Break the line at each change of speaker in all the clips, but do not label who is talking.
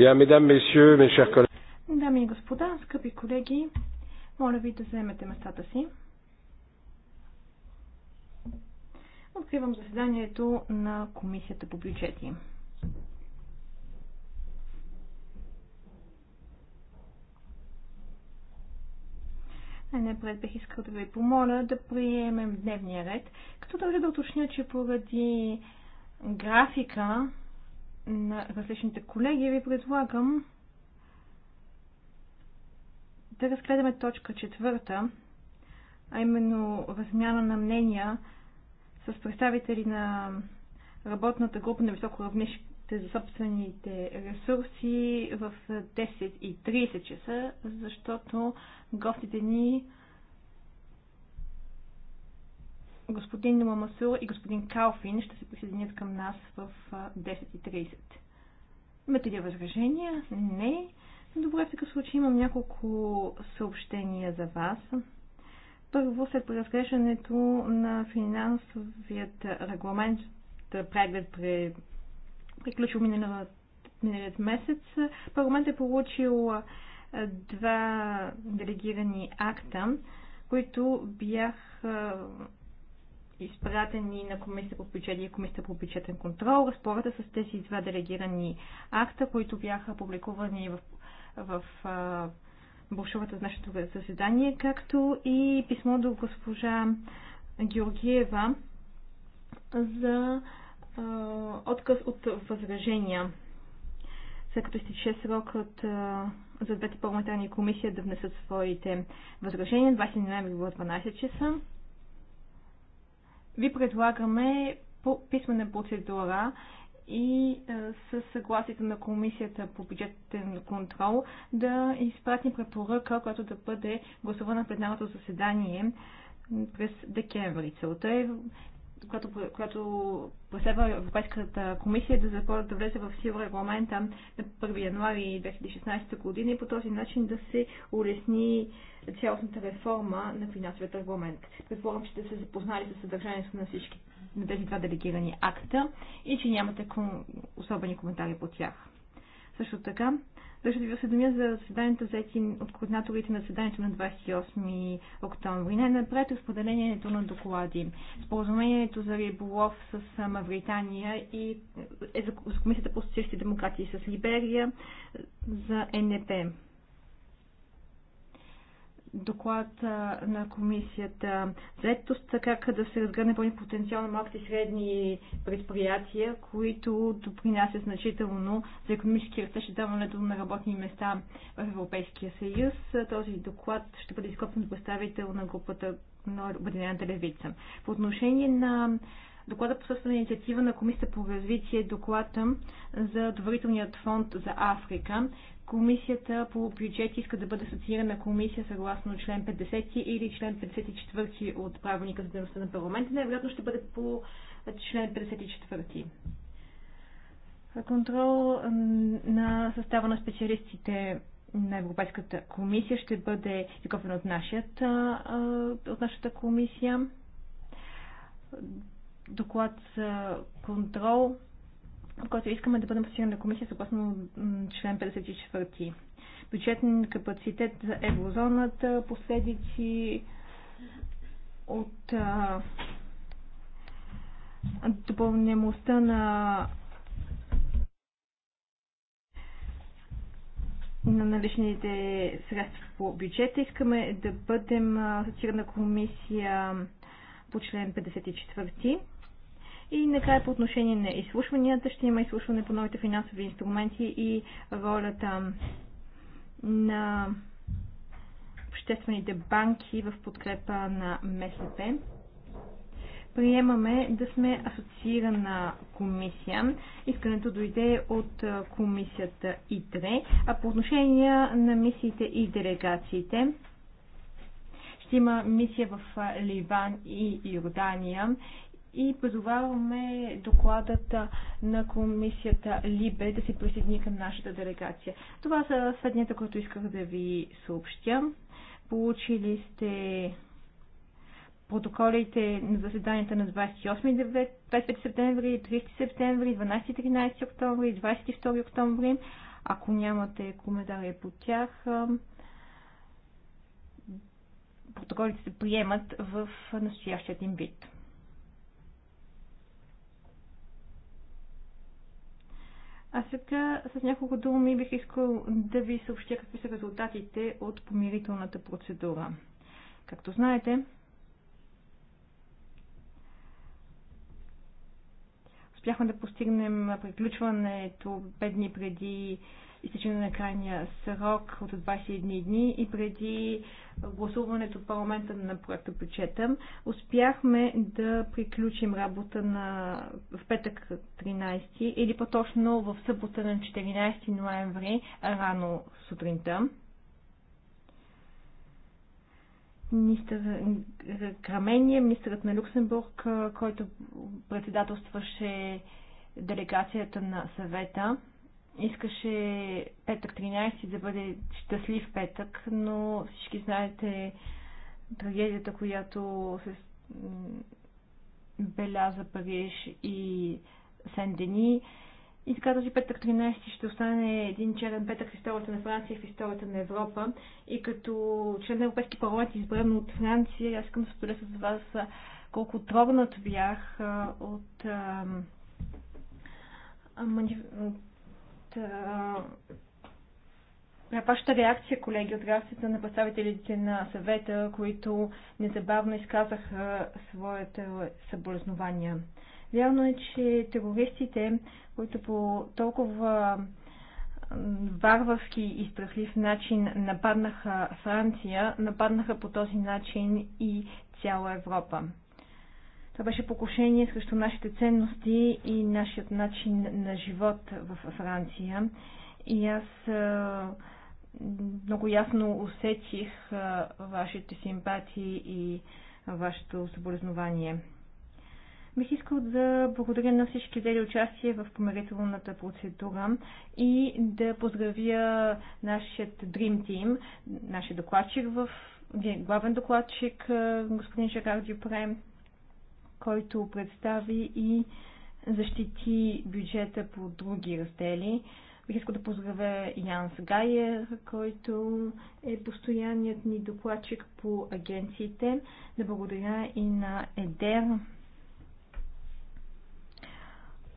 Bien, mesdames, messieurs, mes chers collègues.
Дами и господа, скъпи колеги, моля ви да заемете местата си. Откривам заседанието на Комисията по бюджети. Най-напред бих искал да ви помоля да приемем дневния ред, като дължа да уточня, че поради графика на различните колеги, ви предлагам да разгледаме точка четвърта, а именно размяна на мнения с представители на работната група на високо равнище за собствените ресурси в 10 и 30 часа, защото гостите ни господин Мамасур и господин Калфин ще се присъединят към нас в 10.30. Имате ли възражения? Не. Добре, в такъв случай имам няколко съобщения за вас. Първо, след преразглеждането на финансовият регламент, преглед при приключил миналият, месец, парламентът е получил два делегирани акта, които бях изпратени на Комисията по бюджет и Комисията по бюджетен контрол. Разпората с тези два делегирани акта, които бяха публикувани в, в а, брошурата за нашето заседание, както и писмо до госпожа Георгиева за а, отказ от възражения, след като изтече срокът а, за двете парламентарни комисии да внесат своите възражения. 20 ноември в 12 часа ви предлагаме по писмена процедура и е, със съгласието на Комисията по бюджетен контрол да изпратим препоръка, която да бъде гласувана в пленарното заседание през декември. Целта е която, която преследва Европейската комисия да, започне да влезе в сила регламента на 1 януари 2016 година и по този начин да се улесни цялостната реформа на финансовия регламент. Предполагам, че сте се запознали с съдържанието на всички на тези два делегирани акта и че нямате особени коментари по тях. Също така, Държа да ви осведомя за заседанието, взети от координаторите на заседанието на 28 октомври. Най-напред разпределението на доклади. Споразумението за риболов с Мавритания и е за Комисията по социалисти демократи с Либерия за НП доклад на комисията заедост, как да се разгърне по потенциално малки малките и средни предприятия, които допринасят значително за економически растеж и даването на работни места в Европейския съюз. Този доклад ще бъде изкопен представител на групата на Обединената левица. По отношение на доклада по собствена инициатива на Комисията по развитие доклада за доверителният фонд за Африка. Комисията по бюджет иска да бъде асоциирана комисия съгласно член 50 или член 54 от правилника за дейността на парламента. Най-вероятно ще бъде по член 54. Контрол на състава на специалистите на Европейската комисия ще бъде изготвен от, нашата, от нашата комисия. Доклад за контрол в който искаме да бъдем асоциирана комисия съгласно член 54. Бюджетен капацитет за еврозоната, последици от а, допълнемостта на на наличните средства по бюджета. Искаме да бъдем асоциирана комисия по член 54. И накрая по отношение на изслушванията ще има изслушване по новите финансови инструменти и ролята на обществените банки в подкрепа на МСП. Приемаме да сме асоциирана комисия. Искането дойде от комисията ИТРЕ, а по отношение на мисиите и делегациите ще има мисия в Ливан и Йордания и позоваваме докладът на комисията Либе да се присъедини към нашата делегация. Това са сведенията, които исках да ви съобщя. Получили сте протоколите на заседанията на 28 25 септември, 30 септември, 12 13 октомври, 22 октомври. Ако нямате коментари по тях, протоколите се приемат в настоящият им вид. А сега с няколко думи бих искал да ви съобщя какви са резултатите от помирителната процедура. Както знаете, успяхме да постигнем приключването 5 дни преди изтичане на крайния срок от 21 дни и преди гласуването в парламента на проекта бюджета. Успяхме да приключим работа на, в петък 13 или по-точно в събота на 14 ноември, рано сутринта. Министър Крамения, министърът на Люксембург, който председателстваше делегацията на съвета, искаше петък 13 да бъде щастлив петък, но всички знаете трагедията, която се беляза Париж и Сен-Дени. И така този петък 13 ще остане един черен петък в историята на Франция и в историята на Европа. И като член на Европейски парламент, избран от Франция, аз искам да споделя с вас колко трогнат бях от, от, от на вашата реакция, колеги, от реакцията на представителите на съвета, които незабавно изказаха своите съболезнования. Вярно е, че терористите, които по толкова варварски и страхлив начин нападнаха Франция, нападнаха по този начин и цяла Европа. Това беше покушение срещу нашите ценности и нашият начин на живот в Франция. И аз много ясно усетих вашите симпатии и вашето съболезнование. Бих искал да благодаря на всички взели участие в помирителната процедура и да поздравя нашият Dream Team, нашия докладчик в главен докладчик господин Жерар Дюпре, който представи и защити бюджета по други раздели. Бих искал да поздравя Янс Гайер, който е постоянният ни докладчик по агенциите. Да благодаря и на Едер,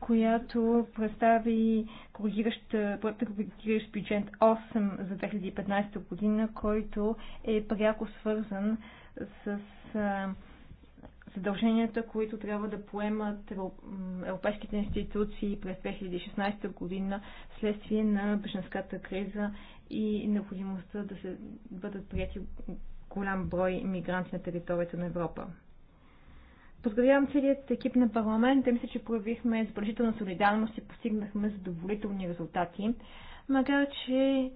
която представи коригиращ, коригиращ бюджет 8 за 2015 година, който е пряко свързан с задълженията, които трябва да поемат европейските институции през 2016 година следствие на бешенската криза и необходимостта да се бъдат прияти голям брой мигранти на територията на Европа. Поздравявам целият екип на парламента. Мисля, че проявихме забележителна солидарност и постигнахме задоволителни резултати, макар че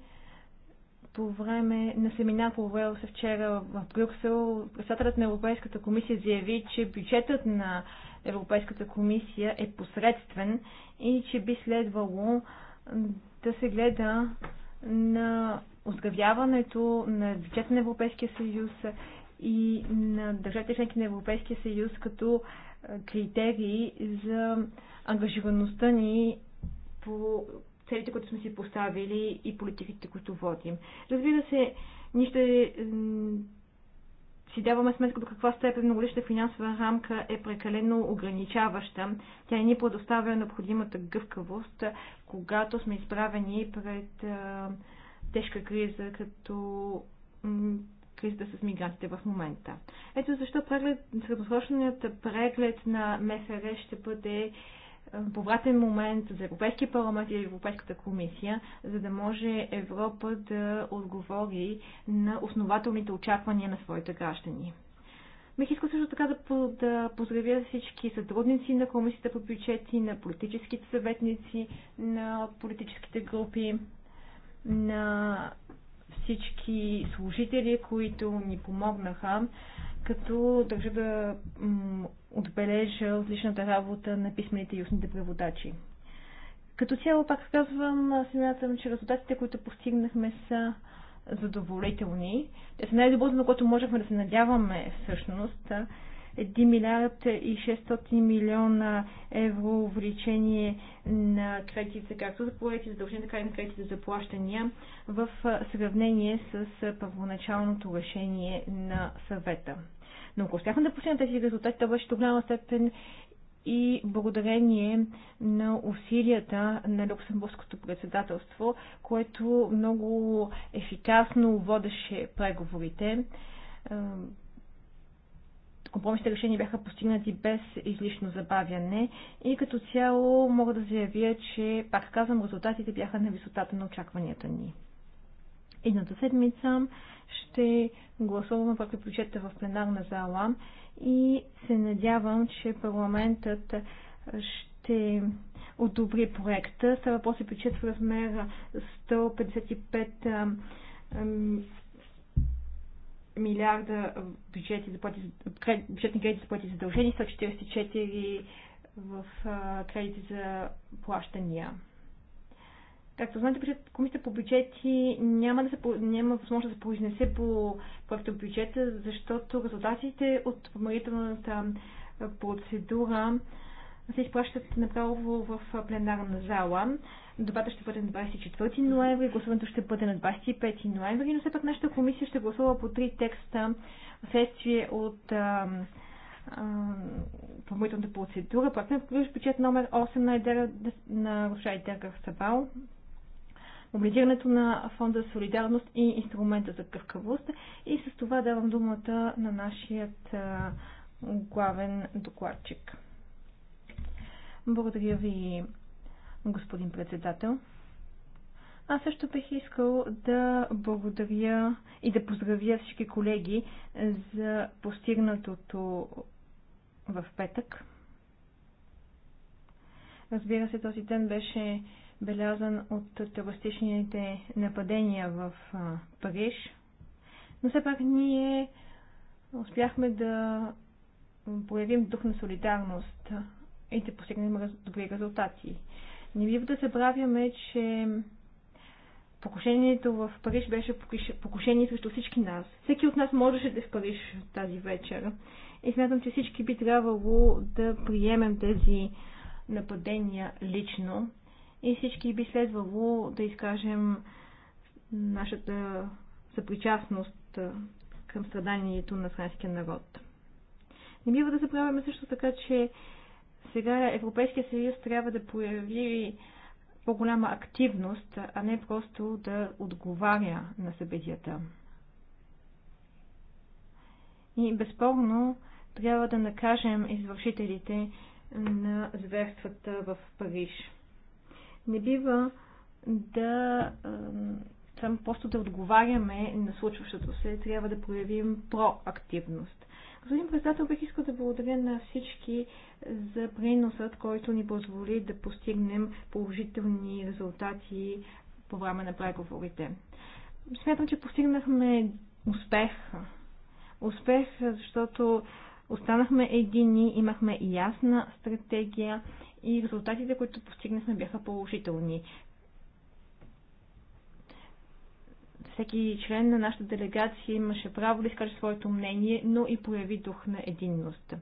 по време на семинар, провел се вчера в Брюксел, председателят на Европейската комисия заяви, че бюджетът на Европейската комисия е посредствен и че би следвало да се гледа на оздравяването на бюджета на Европейския съюз и на държавите членки на Европейския съюз като критерии за ангажираността ни по целите, които сме си поставили и политиките, които водим. Разбира се, ние ще си даваме сметка до каква степен многолична финансова рамка е прекалено ограничаваща. Тя ни предоставя необходимата гъвкавост, когато сме изправени пред а, тежка криза, като кризата с мигрантите в момента. Ето защо преглед, средносрочният преглед на МФР ще бъде повратен момент за Европейския парламент и Европейската комисия, за да може Европа да отговори на основателните очаквания на своите граждани. Бих искал също така да, да поздравя всички сътрудници на комисията по бюджети, на политическите съветници, на политическите групи, на всички служители, които ни помогнаха като държа да отбележа отличната работа на писмените и устните преводачи. Като цяло, пак казвам, смятам, че резултатите, които постигнахме са задоволителни. Те са най-доброто, на което можехме да се надяваме всъщност. 1 милиард и 600 милиона евро увеличение на кредитите, както за проекти задължения, така и на кредитите за плащания в сравнение с първоначалното решение на съвета. Но ако успяхме да постигнем тези резултати, то беше до голяма степен и благодарение на усилията на Люксембургското председателство, което много ефикасно водеше преговорите. Компромисните решения бяха постигнати без излишно забавяне и като цяло мога да заявя, че, пак казвам, резултатите бяха на висотата на очакванията ни едната седмица. Ще гласуваме проекта бюджета в пленарна зала и се надявам, че парламентът ще одобри проекта. Става въпрос за бюджет в размер 155 милиарда бюджети за плати, бюджетни кредити за плати задължени, 144 в кредити за плащания. Както знаете, комисията по бюджети няма, да се, няма възможност да се произнесе по проекта бюджета, защото резултатите от помирителната процедура се изпращат направо в пленарна зала. Дебата ще бъде на 24 ноември, гласуването ще бъде на 25 ноември, но все пак нашата комисия ще гласува по три текста следствие от помоителната процедура. Пак на бюджет номер 8 на, госпожа на Руша Сабал, мобилизирането на фонда Солидарност и инструмента за гъвкавост. И с това давам думата на нашият главен докладчик. Благодаря ви, господин председател. Аз също бих искал да благодаря и да поздравя всички колеги за постигнатото в петък. Разбира се, този ден беше белязан от терористичните нападения в Париж. Но все пак ние успяхме да проявим дух на солидарност и да постигнем добри резултати. Не бива да забравяме, че покушението в Париж беше покушение срещу всички нас. Всеки от нас можеше да е в Париж тази вечер. И смятам, че всички би трябвало да приемем тези нападения лично и всички би следвало да изкажем нашата съпричастност към страданието на френския народ. Не бива да забравяме също така, че сега Европейския съюз трябва да прояви по-голяма активност, а не просто да отговаря на събитията. И безспорно трябва да накажем извършителите на зверствата в Париж не бива да само просто да отговаряме на случващото се, трябва да проявим проактивност. Господин председател, бих искал да благодаря на всички за приносът, който ни позволи да постигнем положителни резултати по време на преговорите. Смятам, че постигнахме успех. Успех, защото останахме едини, имахме ясна стратегия и резултатите, които постигнахме, бяха положителни. Всеки член на нашата делегация имаше право да изкаже своето мнение, но и прояви дух на единност.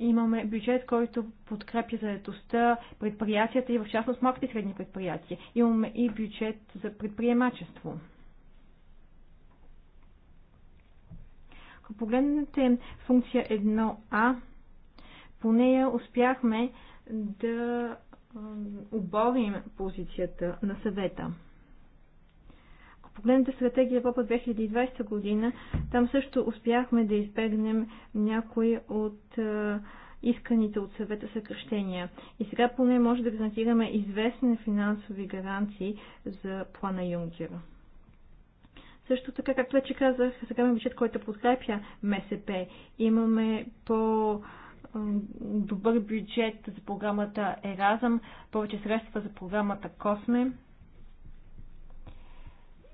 Имаме бюджет, който подкрепя заедостта, предприятията и в частност малките и средни предприятия. Имаме и бюджет за предприемачество. Ако погледнете функция 1А, по нея успяхме да оборим позицията на съвета. Ако погледнете стратегия Европа 2020 година, там също успяхме да избегнем някои от исканите от съвета съкръщения. И сега поне може да гарантираме известни финансови гаранции за плана Юнкер. Също така, както вече казах, сега имаме бюджет, който подкрепя МСП. Имаме по- добър бюджет за програмата Еразъм, повече средства за програмата Косме.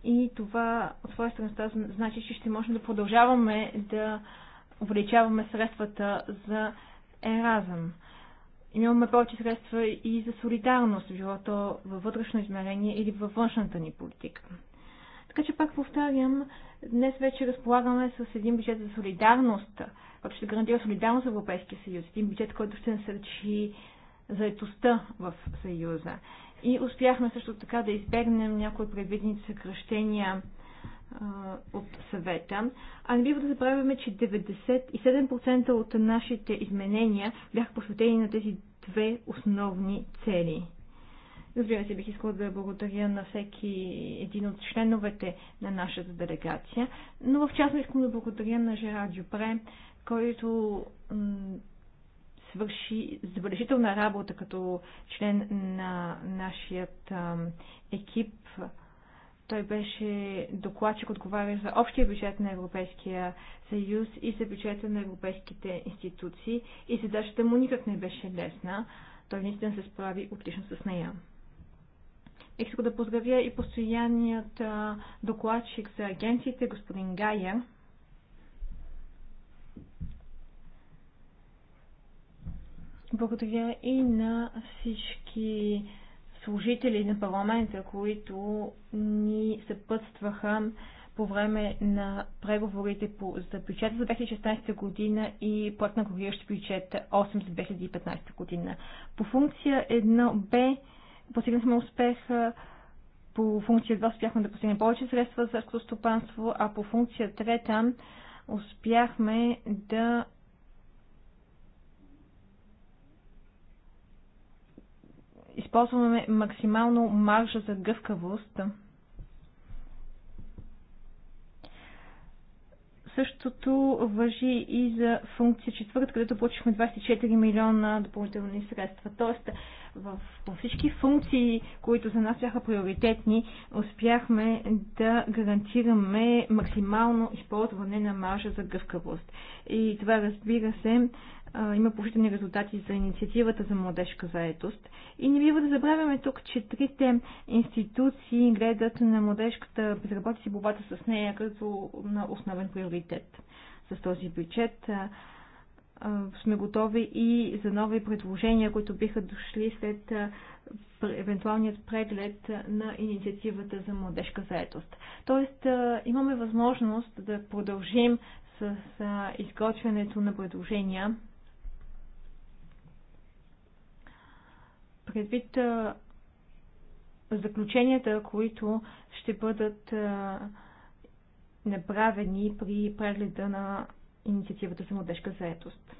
И това от своя страна значи, че ще можем да продължаваме да увеличаваме средствата за Еразъм. Имаме повече средства и за солидарност, било то във вътрешно измерение или във външната ни политика. Така че пак повтарям, днес вече разполагаме с един бюджет за солидарност, който ще гарантира солидарност в Европейския съюз. Един бюджет, който ще насърчи заетостта в съюза. И успяхме също така да избегнем някои предвидени съкръщения от съвета. А не бива да забравяме, че 97% от нашите изменения бяха посветени на тези две основни цели. Разбира се, бих искала да благодаря на всеки един от членовете на нашата делегация, но в частност искам да благодаря на Жерар Дюпре, който свърши забележителна работа като член на нашият екип. Той беше докладчик, отговаря за общия бюджет на Европейския съюз и за бюджета на европейските институции и задачата му никак не беше лесна. Той наистина се справи отлично с нея. Бих да поздравя и постоянният докладчик за агенциите, господин Гая. Благодаря и на всички служители на парламента, които ни съпътстваха по време на преговорите по, за бюджета за 2016 година и проект на коригиращ бюджет 8 за 2015 година. По функция 1 б Постигнахме успех по функция 2 успяхме да постигнем повече средства за селското стопанство, а по функция 3 успяхме да използваме максимално маржа за гъвкавост Същото въжи и за функция четвърта, където получихме 24 милиона допълнителни средства. Тоест, в всички функции, които за нас бяха приоритетни, успяхме да гарантираме максимално използване на маржа за гъвкавост. И това, разбира се, има положителни резултати за инициативата за младежка заетост. И не бива да забравяме тук, че трите институции гледат на младежката безработица и борбата с нея като на основен приоритет. С този бюджет сме готови и за нови предложения, които биха дошли след евентуалният преглед на инициативата за младежка заетост. Тоест, имаме възможност да продължим с изготвянето на предложения предвид заключенията, които ще бъдат направени при прегледа на инициативата за младежка заетост.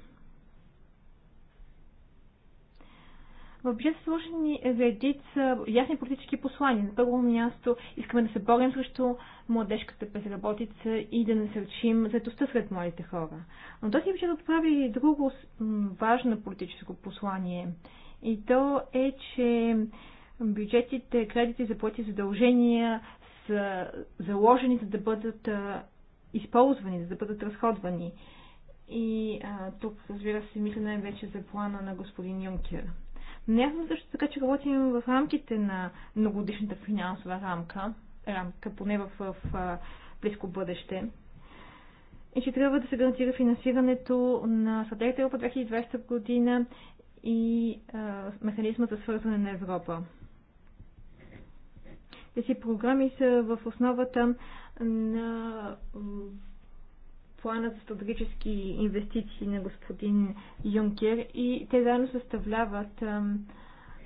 В бюджета са сложени редица ясни политически послания. На първо място искаме да се борим срещу младежката безработица и да насърчим заедостта сред младите хора. Но този бюджет отправи и друго важно политическо послание и то е, че бюджетите, кредити за плати задължения са заложени, за да бъдат използвани, за да бъдат разходвани. И а, тук, разбира се, мисля най-вече за плана на господин Юнкер. Наясно също така, че работим в рамките на многодишната финансова рамка, рамка поне в, в, в близко бъдеще, и че трябва да се гарантира финансирането на стратегията Европа 2020 година и механизма за свързване на Европа. Тези програми са в основата на плана за стратегически инвестиции на господин Юнкер и те заедно съставляват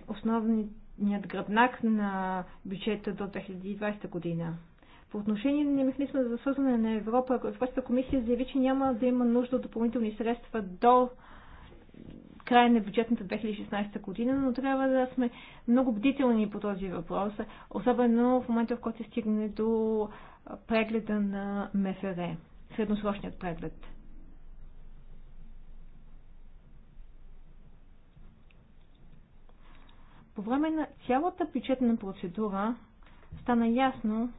основният гръбнак на бюджета до 2020 година. По отношение на механизма за свързване на Европа, Европейската комисия заяви, че няма да има нужда от допълнителни средства до края на бюджетната 2016 година, но трябва да сме много бдителни по този въпрос, особено в момента, в който се стигне до прегледа на МФР, средносрочният преглед. По време на цялата бюджетна процедура стана ясно,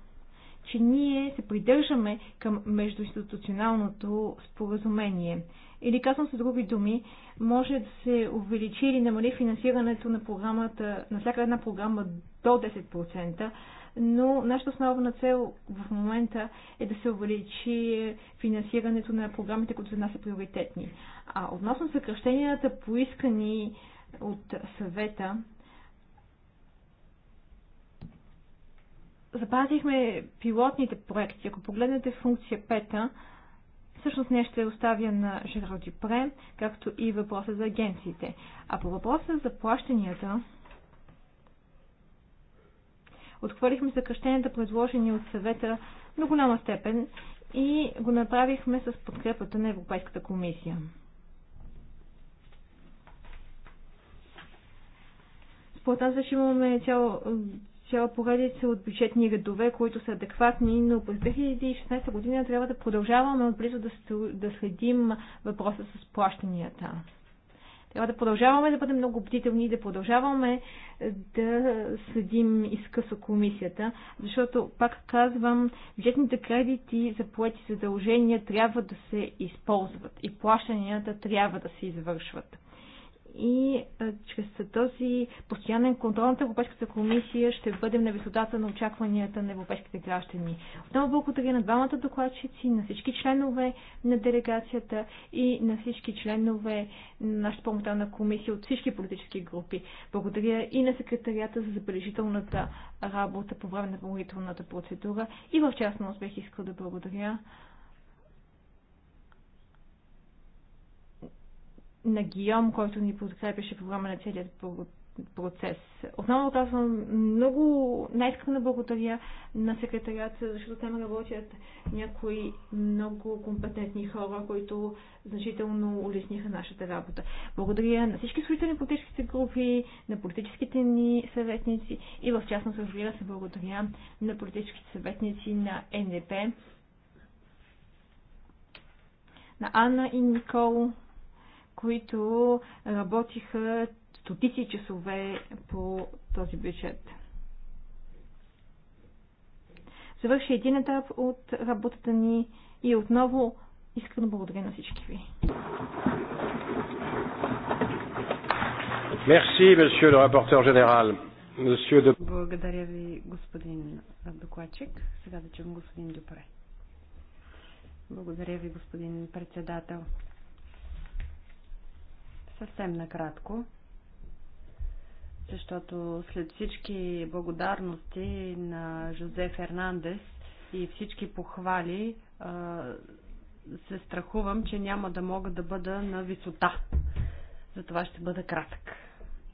че ние се придържаме към междуинституционалното споразумение. Или казвам с други думи, може да се увеличи или намали финансирането на програмата, на всяка една програма до 10%, но нашата основна цел в момента е да се увеличи финансирането на програмите, които за нас са приоритетни. А относно съкръщенията поискани от съвета, запазихме пилотните проекти. Ако погледнете функция 5, всъщност не ще оставя на Жерал Дюпре, както и въпроса за агенциите. А по въпроса за плащанията, отхвърлихме съкръщенията, предложени от съвета до голяма степен и го направихме с подкрепата на Европейската комисия. Според нас вече имаме цяло цяла поредица от бюджетни редове, които са адекватни, но през 2016 година трябва да продължаваме отблизо да, да следим въпроса с плащанията. Трябва да продължаваме да бъдем много бдителни и да продължаваме е, да следим изкъсо комисията, защото, пак казвам, бюджетните кредити за поети задължения трябва да се използват и плащанията трябва да се извършват и а, чрез този постоянен контрол на Европейската комисия ще бъдем на висотата на очакванията на европейските граждани. Отново благодаря на двамата докладчици, на всички членове на делегацията и на всички членове на нашата парламентарна комисия от всички политически групи. Благодаря и на секретарията за забележителната работа по време на помолителната процедура и в частност бих искал да благодаря на Гиом, който ни подкрепяше по време на целият процес. Отново казвам, много най искрена благодаря на секретарията, защото там работят някои много компетентни хора, които значително улесниха нашата работа. Благодаря на всички служители на политическите групи, на политическите ни съветници и в частност, разбира се, благодаря на политическите съветници на НДП, на Анна и Никол, които работиха стотици часове по този бюджет. Завърши един етап от работата ни и отново искам да благодаря на всички ви.
Merci, monsieur le rapporteur général. Monsieur de... Благодаря ви, господин докладчик. Сега да чуем господин Дюпре. Благодаря ви, господин председател. Съвсем накратко, защото след всички благодарности на Жозе Фернандес и всички похвали, се страхувам, че няма да мога да бъда на висота. Затова ще бъда кратък.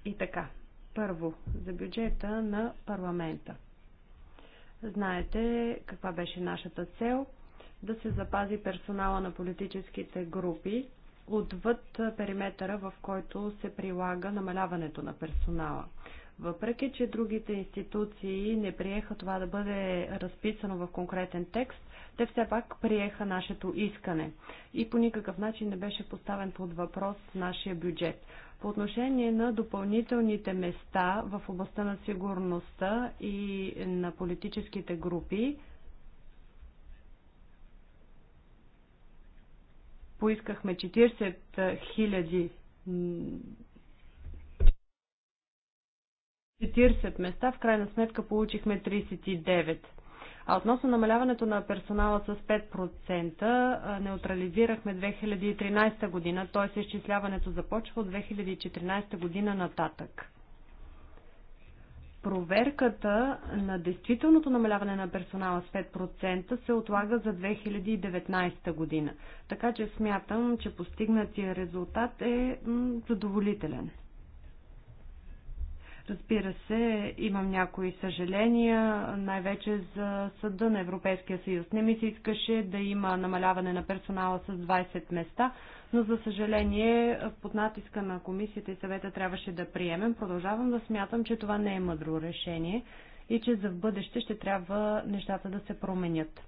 И така, първо, за бюджета на парламента. Знаете каква беше нашата цел? Да се запази персонала на политическите групи отвъд периметъра, в който се прилага намаляването на персонала. Въпреки, че другите институции не приеха това да бъде разписано в конкретен текст, те все пак приеха нашето искане. И по никакъв начин не беше поставен под въпрос нашия бюджет. По отношение на допълнителните места в областта на сигурността и на политическите групи, поискахме 40 хиляди 40 места, в крайна сметка получихме 39. А относно намаляването на персонала с 5%, неутрализирахме 2013 година, т.е. изчисляването започва от 2014 година нататък проверката на действителното намаляване на персонала с 5% се отлага за 2019 година. Така че смятам, че постигнатия резултат е задоволителен. Разбира се, имам някои съжаления, най-вече за съда на Европейския съюз. Не ми се искаше да има намаляване на персонала с 20 места, но за съжаление под натиска на комисията и съвета трябваше да приемем. Продължавам да смятам, че това не е мъдро решение и че за в бъдеще ще трябва нещата да се променят.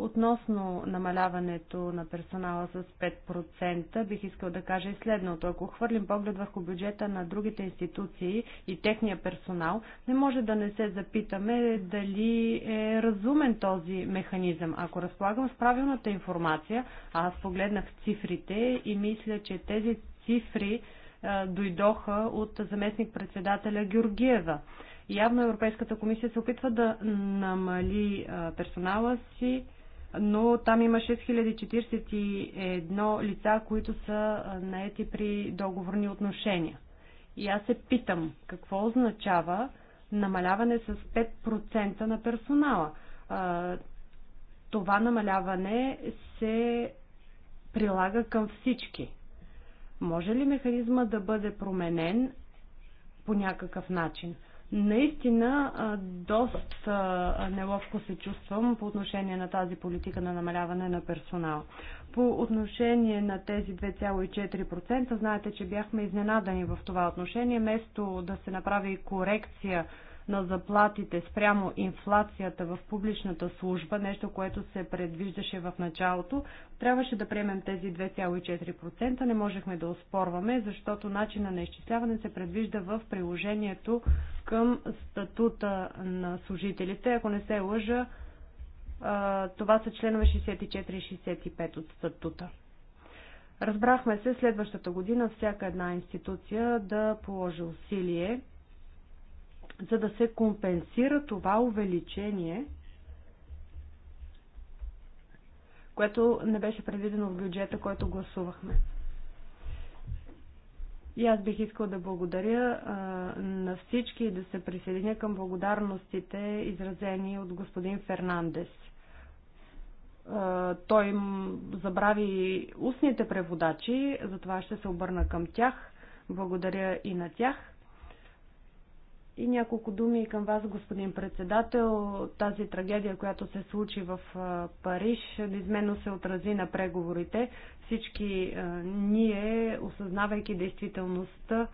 Относно намаляването на персонала с 5%, бих искал да кажа и следното. Ако хвърлим поглед върху бюджета на другите институции и техния персонал, не може да не се запитаме дали е разумен този механизъм. Ако разполагам с правилната информация, аз погледнах цифрите и мисля, че тези цифри дойдоха от заместник-председателя Георгиева. Явно Европейската комисия се опитва да намали персонала си но там има 6041 лица, които са наети при договорни отношения. И аз се питам, какво означава намаляване с 5% на персонала? Това намаляване се прилага към всички. Може ли механизма да бъде променен по някакъв начин? Наистина доста неловко се чувствам по отношение на тази политика на намаляване на персонал. По отношение на тези 2,4%, знаете, че бяхме изненадани в това отношение. Место да се направи корекция на заплатите спрямо инфлацията в публичната служба, нещо, което се предвиждаше в началото, трябваше да приемем тези 2,4%. Не можехме да оспорваме, защото начина на изчисляване се предвижда в приложението към статута на служителите. Ако не се лъжа, това са членове 64 и 65 от статута. Разбрахме се следващата година всяка една институция да положи усилие за да се компенсира това увеличение, което не беше предвидено в бюджета, който гласувахме. И аз бих искал да благодаря а, на всички и да се присъединя към благодарностите, изразени от господин Фернандес. А, той им забрави устните преводачи, затова ще се обърна към тях. Благодаря и на тях. И няколко думи към вас, господин председател. Тази трагедия, която се случи в Париж, неизменно се отрази на преговорите. Всички ние, осъзнавайки действителността,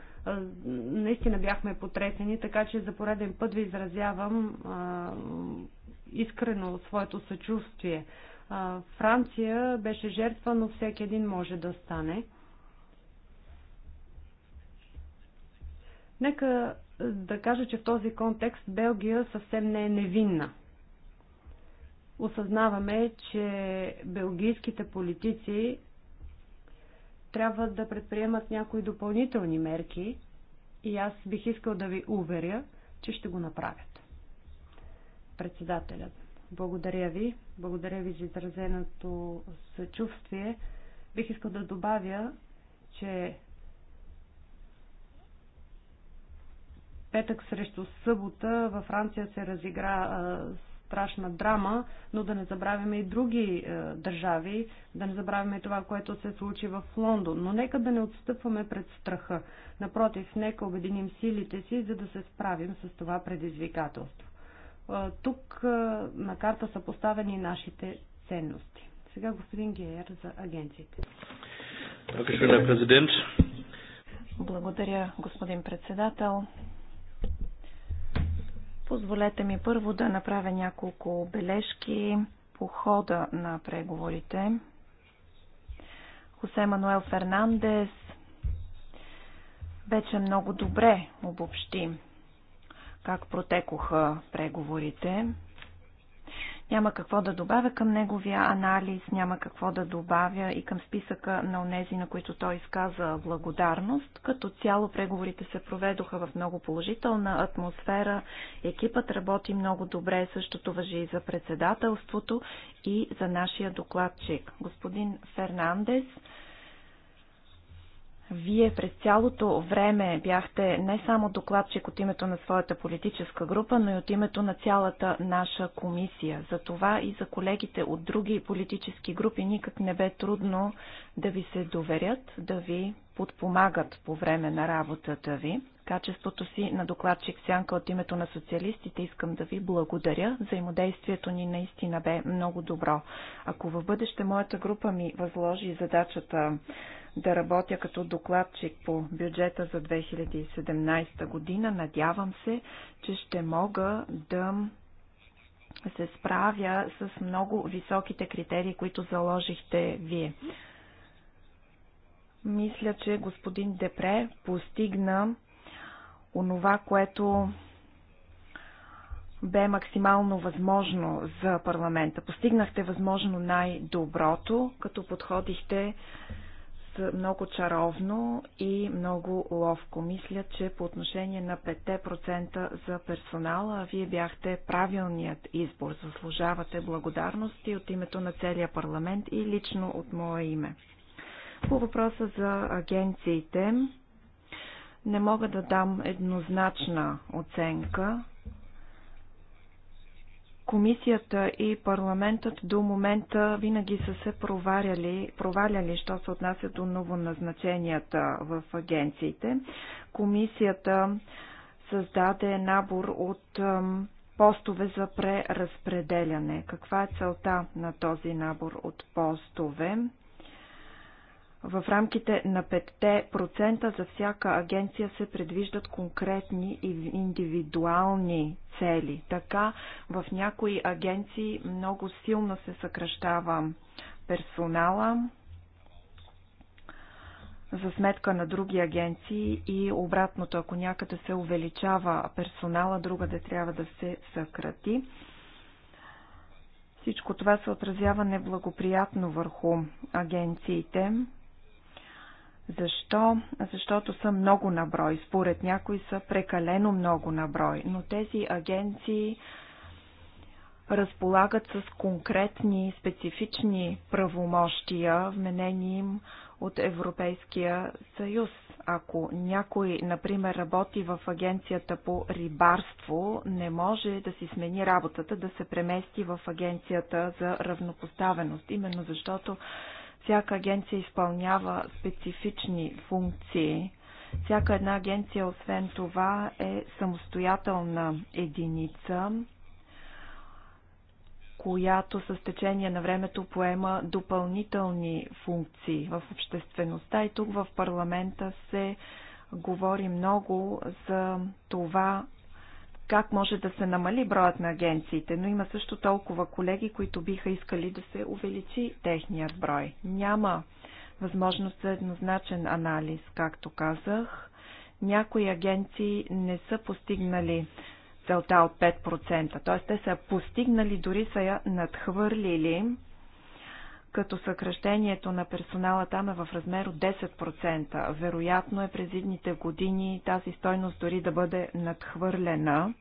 наистина бяхме потресени, така че за пореден път ви изразявам искрено своето съчувствие. Франция беше жертва, но всеки един може да стане. Нека да кажа, че в този контекст Белгия съвсем не е невинна. Осъзнаваме, че белгийските политици трябва да предприемат някои допълнителни мерки и аз бих искал да ви уверя, че ще го направят. Председателят, благодаря ви. Благодаря ви за изразеното съчувствие. Бих искал да добавя, че петък срещу събота във Франция се разигра страшна драма, но да не забравяме и други е, държави, да не забравяме и това, което се случи в Лондон. Но нека да не отстъпваме пред страха. Напротив, нека обединим силите си, за да се справим с това предизвикателство. Е, тук е, на карта са поставени нашите ценности. Сега господин Геер за агенциите.
Благодаря, господин председател. Позволете ми първо да направя няколко бележки по хода на преговорите. Хосе Мануел Фернандес вече много добре обобщи как протекоха преговорите. Няма какво да добавя към неговия анализ, няма какво да добавя и към списъка на онези, на които той изказа благодарност. Като цяло преговорите се проведоха в много положителна атмосфера, екипът работи много добре, същото въжи и за председателството и за нашия докладчик. Господин Фернандес, вие през цялото време бяхте не само докладчик от името на своята политическа група, но и от името на цялата наша комисия. За това и за колегите от други политически групи никак не бе трудно да ви се доверят, да ви подпомагат по време на работата ви. Качеството си на докладчик Сянка от името на социалистите искам да ви благодаря. Взаимодействието ни наистина бе много добро. Ако в бъдеще моята група ми възложи задачата да работя като докладчик по бюджета за 2017 година, надявам се, че ще мога да се справя с много високите критерии, които заложихте вие. Мисля, че господин Депре постигна онова, което бе максимално възможно за парламента. Постигнахте възможно най-доброто, като подходихте с много чаровно и много ловко. Мисля, че по отношение на 5% за персонала, вие бяхте правилният избор. Заслужавате благодарности от името на целия парламент и лично от мое име. По въпроса за агенциите не мога да дам еднозначна оценка. Комисията и парламентът до момента винаги са се проваряли, проваляли, що се отнася до новоназначенията в агенциите. Комисията създаде набор от постове за преразпределяне. Каква е целта на този набор от постове? В рамките на 5% за всяка агенция се предвиждат конкретни и индивидуални цели. Така в някои агенции много силно се съкръщава персонала за сметка на други агенции и обратното, ако някъде се увеличава персонала, другаде трябва да се съкрати. Всичко това се отразява неблагоприятно върху агенциите. Защо? Защото са много наброй. Според някои са прекалено много наброй. Но тези агенции разполагат с конкретни, специфични правомощия, вменени им от Европейския съюз. Ако някой, например, работи в агенцията по рибарство, не може да си смени работата, да се премести в агенцията за равнопоставеност, именно защото всяка агенция изпълнява специфични функции. Всяка една агенция, освен това, е самостоятелна единица, която с течение на времето поема допълнителни функции в обществеността. И тук в парламента се говори много за това как може да се намали броят на агенциите, но има също толкова колеги, които биха искали да се увеличи техният брой. Няма възможност за еднозначен анализ, както казах. Някои агенции не са постигнали целта от 5%, т.е. те са постигнали, дори са я надхвърлили, като съкръщението на персонала там е в размер от 10%. Вероятно е през идните години тази стойност дори да бъде надхвърлена.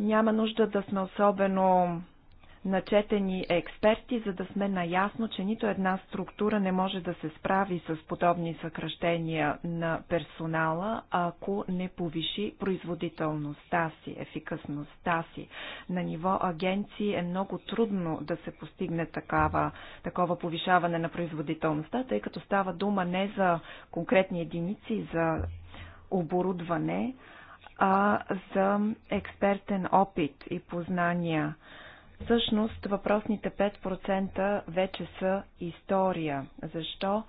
Няма нужда да сме особено начетени експерти, за да сме наясно, че нито една структура не може да се справи с подобни съкръщения на персонала, ако не повиши производителността си, ефикасността си. На ниво агенции е много трудно да се постигне такава, такова повишаване на производителността, тъй като става дума не за конкретни единици, за оборудване, а за експертен опит и познания. Всъщност въпросните 5% вече са история. Защо?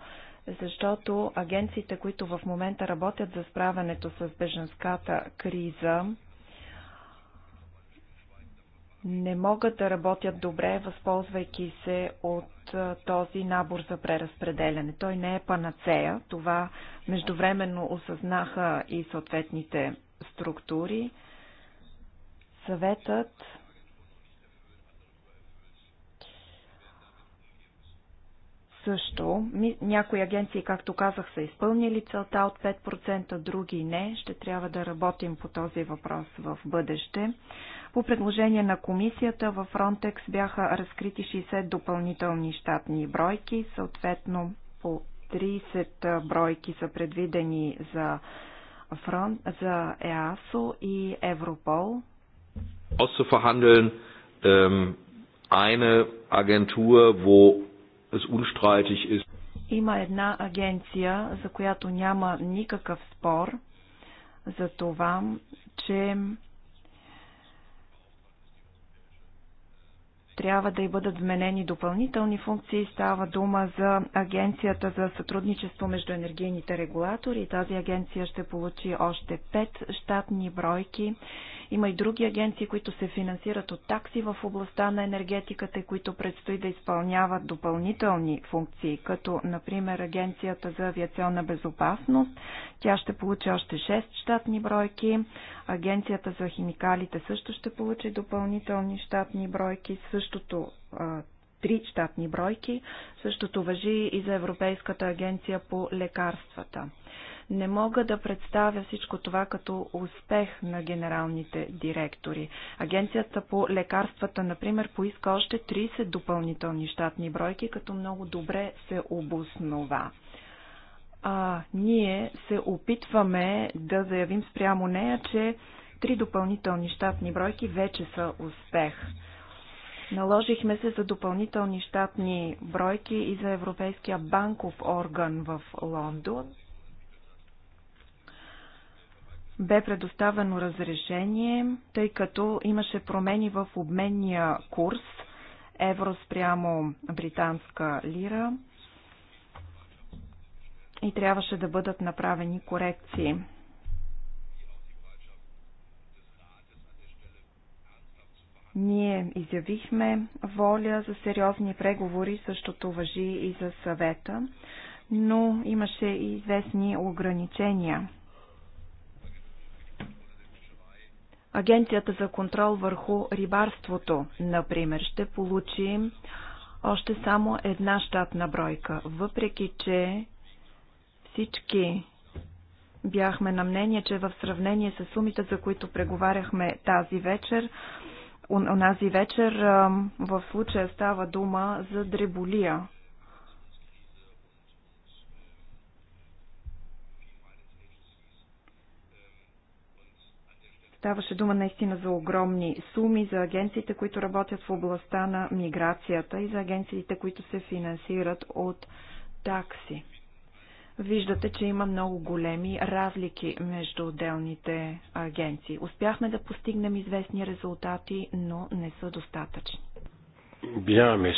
Защото агенциите, които в момента работят за справянето с беженската криза, не могат да работят добре, възползвайки се от този набор за преразпределяне. Той не е панацея. Това междувременно осъзнаха и съответните структури. Съветът също. Някои агенции, както казах, са изпълнили целта от 5%, други не. Ще трябва да работим по този въпрос в бъдеще. По предложение на комисията във Frontex бяха разкрити 60 допълнителни щатни бройки, съответно по 30 бройки са предвидени за, Фронт, за ЕАСО и Европол.
Auszuverhandeln, ähm, eine Agentur, wo es unstreitig ist.
Има една агенция, за която няма никакъв спор за това, че трябва да й бъдат вменени допълнителни функции. Става дума за Агенцията за сътрудничество между енергийните регулатори. Тази агенция ще получи още 5 щатни бройки. Има и други агенции, които се финансират от такси в областта на енергетиката, и които предстои да изпълняват допълнителни функции, като например Агенцията за авиационна безопасност. Тя ще получи още 6 щатни бройки. Агенцията за химикалите също ще получи допълнителни щатни бройки. Същото три щатни бройки. Същото въжи и за Европейската агенция по лекарствата. Не мога да представя всичко това като успех на генералните директори. Агенцията по лекарствата, например, поиска още 30 допълнителни щатни бройки, като много добре се обоснова а, ние се опитваме да заявим спрямо нея, че три допълнителни щатни бройки вече са успех. Наложихме се за допълнителни щатни бройки и за Европейския банков орган в Лондон бе предоставено разрешение, тъй като имаше промени в обменния курс евро спрямо британска лира и трябваше да бъдат направени корекции. Ние изявихме воля за сериозни преговори, същото въжи и за съвета, но имаше и известни ограничения – Агенцията за контрол върху рибарството, например, ще получи още само една щатна бройка, въпреки че всички бяхме на мнение, че в сравнение с сумите, за които преговаряхме тази вечер, онази вечер в случая става дума за дреболия. Ставаше дума наистина за огромни суми, за агенциите, които работят в областта на миграцията и за агенциите, които се финансират от такси. Виждате, че има много големи разлики между отделните агенции. Успяхме да постигнем известни резултати, но не са достатъчни.
Bien, mais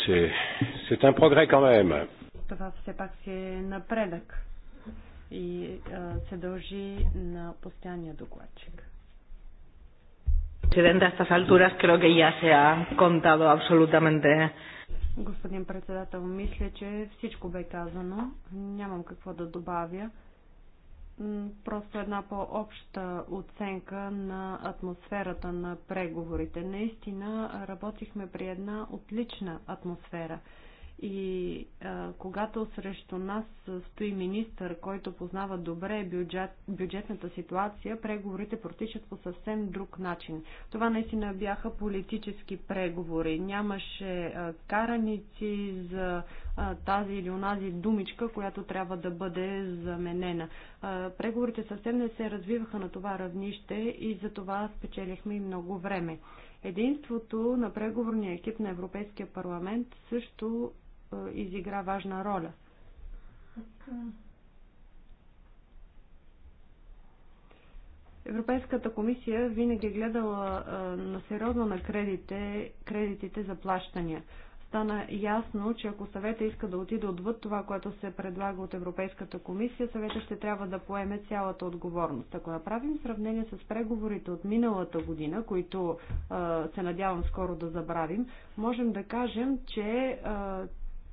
c'est un progrès quand même. Това все пак си е напредък и а, се дължи на постоянния докладчик. Господин председател, мисля, че всичко бе казано. Нямам какво да добавя. Просто една по-обща оценка на атмосферата на преговорите. Наистина работихме при една отлична атмосфера. И а, когато срещу нас стои министър, който познава добре бюджет, бюджетната ситуация, преговорите протичат по съвсем друг начин. Това наистина бяха политически преговори. Нямаше а, караници за а, тази или онази думичка, която трябва да бъде заменена. А, преговорите съвсем не се развиваха на това равнище и за това спечелихме и много време. Единството на преговорния екип на Европейския парламент също е, изигра важна роля. Европейската комисия винаги е гледала е, насериозно на кредите, кредитите за плащания. Стана ясно, че ако съвета иска да отиде отвъд това, което се предлага от Европейската комисия, съвета ще трябва да поеме цялата отговорност. Ако направим сравнение с преговорите от миналата година, които е, се надявам скоро да забравим, можем да кажем, че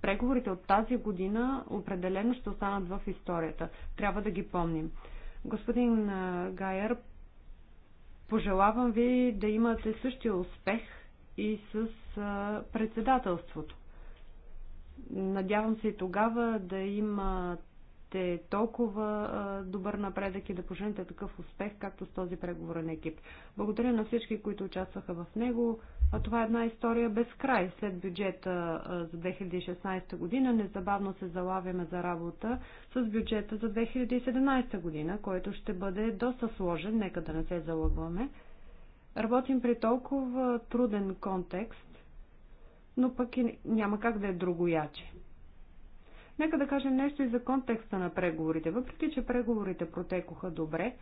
преговорите от тази година определено ще останат в историята. Трябва да ги помним. Господин Гайер, пожелавам ви да имате същия успех и с председателството. Надявам се и тогава да имате толкова добър напредък и да пожените такъв успех, както с този преговорен екип. Благодаря на всички, които участваха в него. Това е една история без край. След бюджета за 2016 година незабавно се залавяме за работа с бюджета за 2017 година, който ще бъде доста сложен, нека да не се залъгваме. Работим при толкова труден контекст, но пък и няма как да е другояче. Нека да кажем нещо и за контекста на преговорите. Въпреки, че преговорите протекоха добре,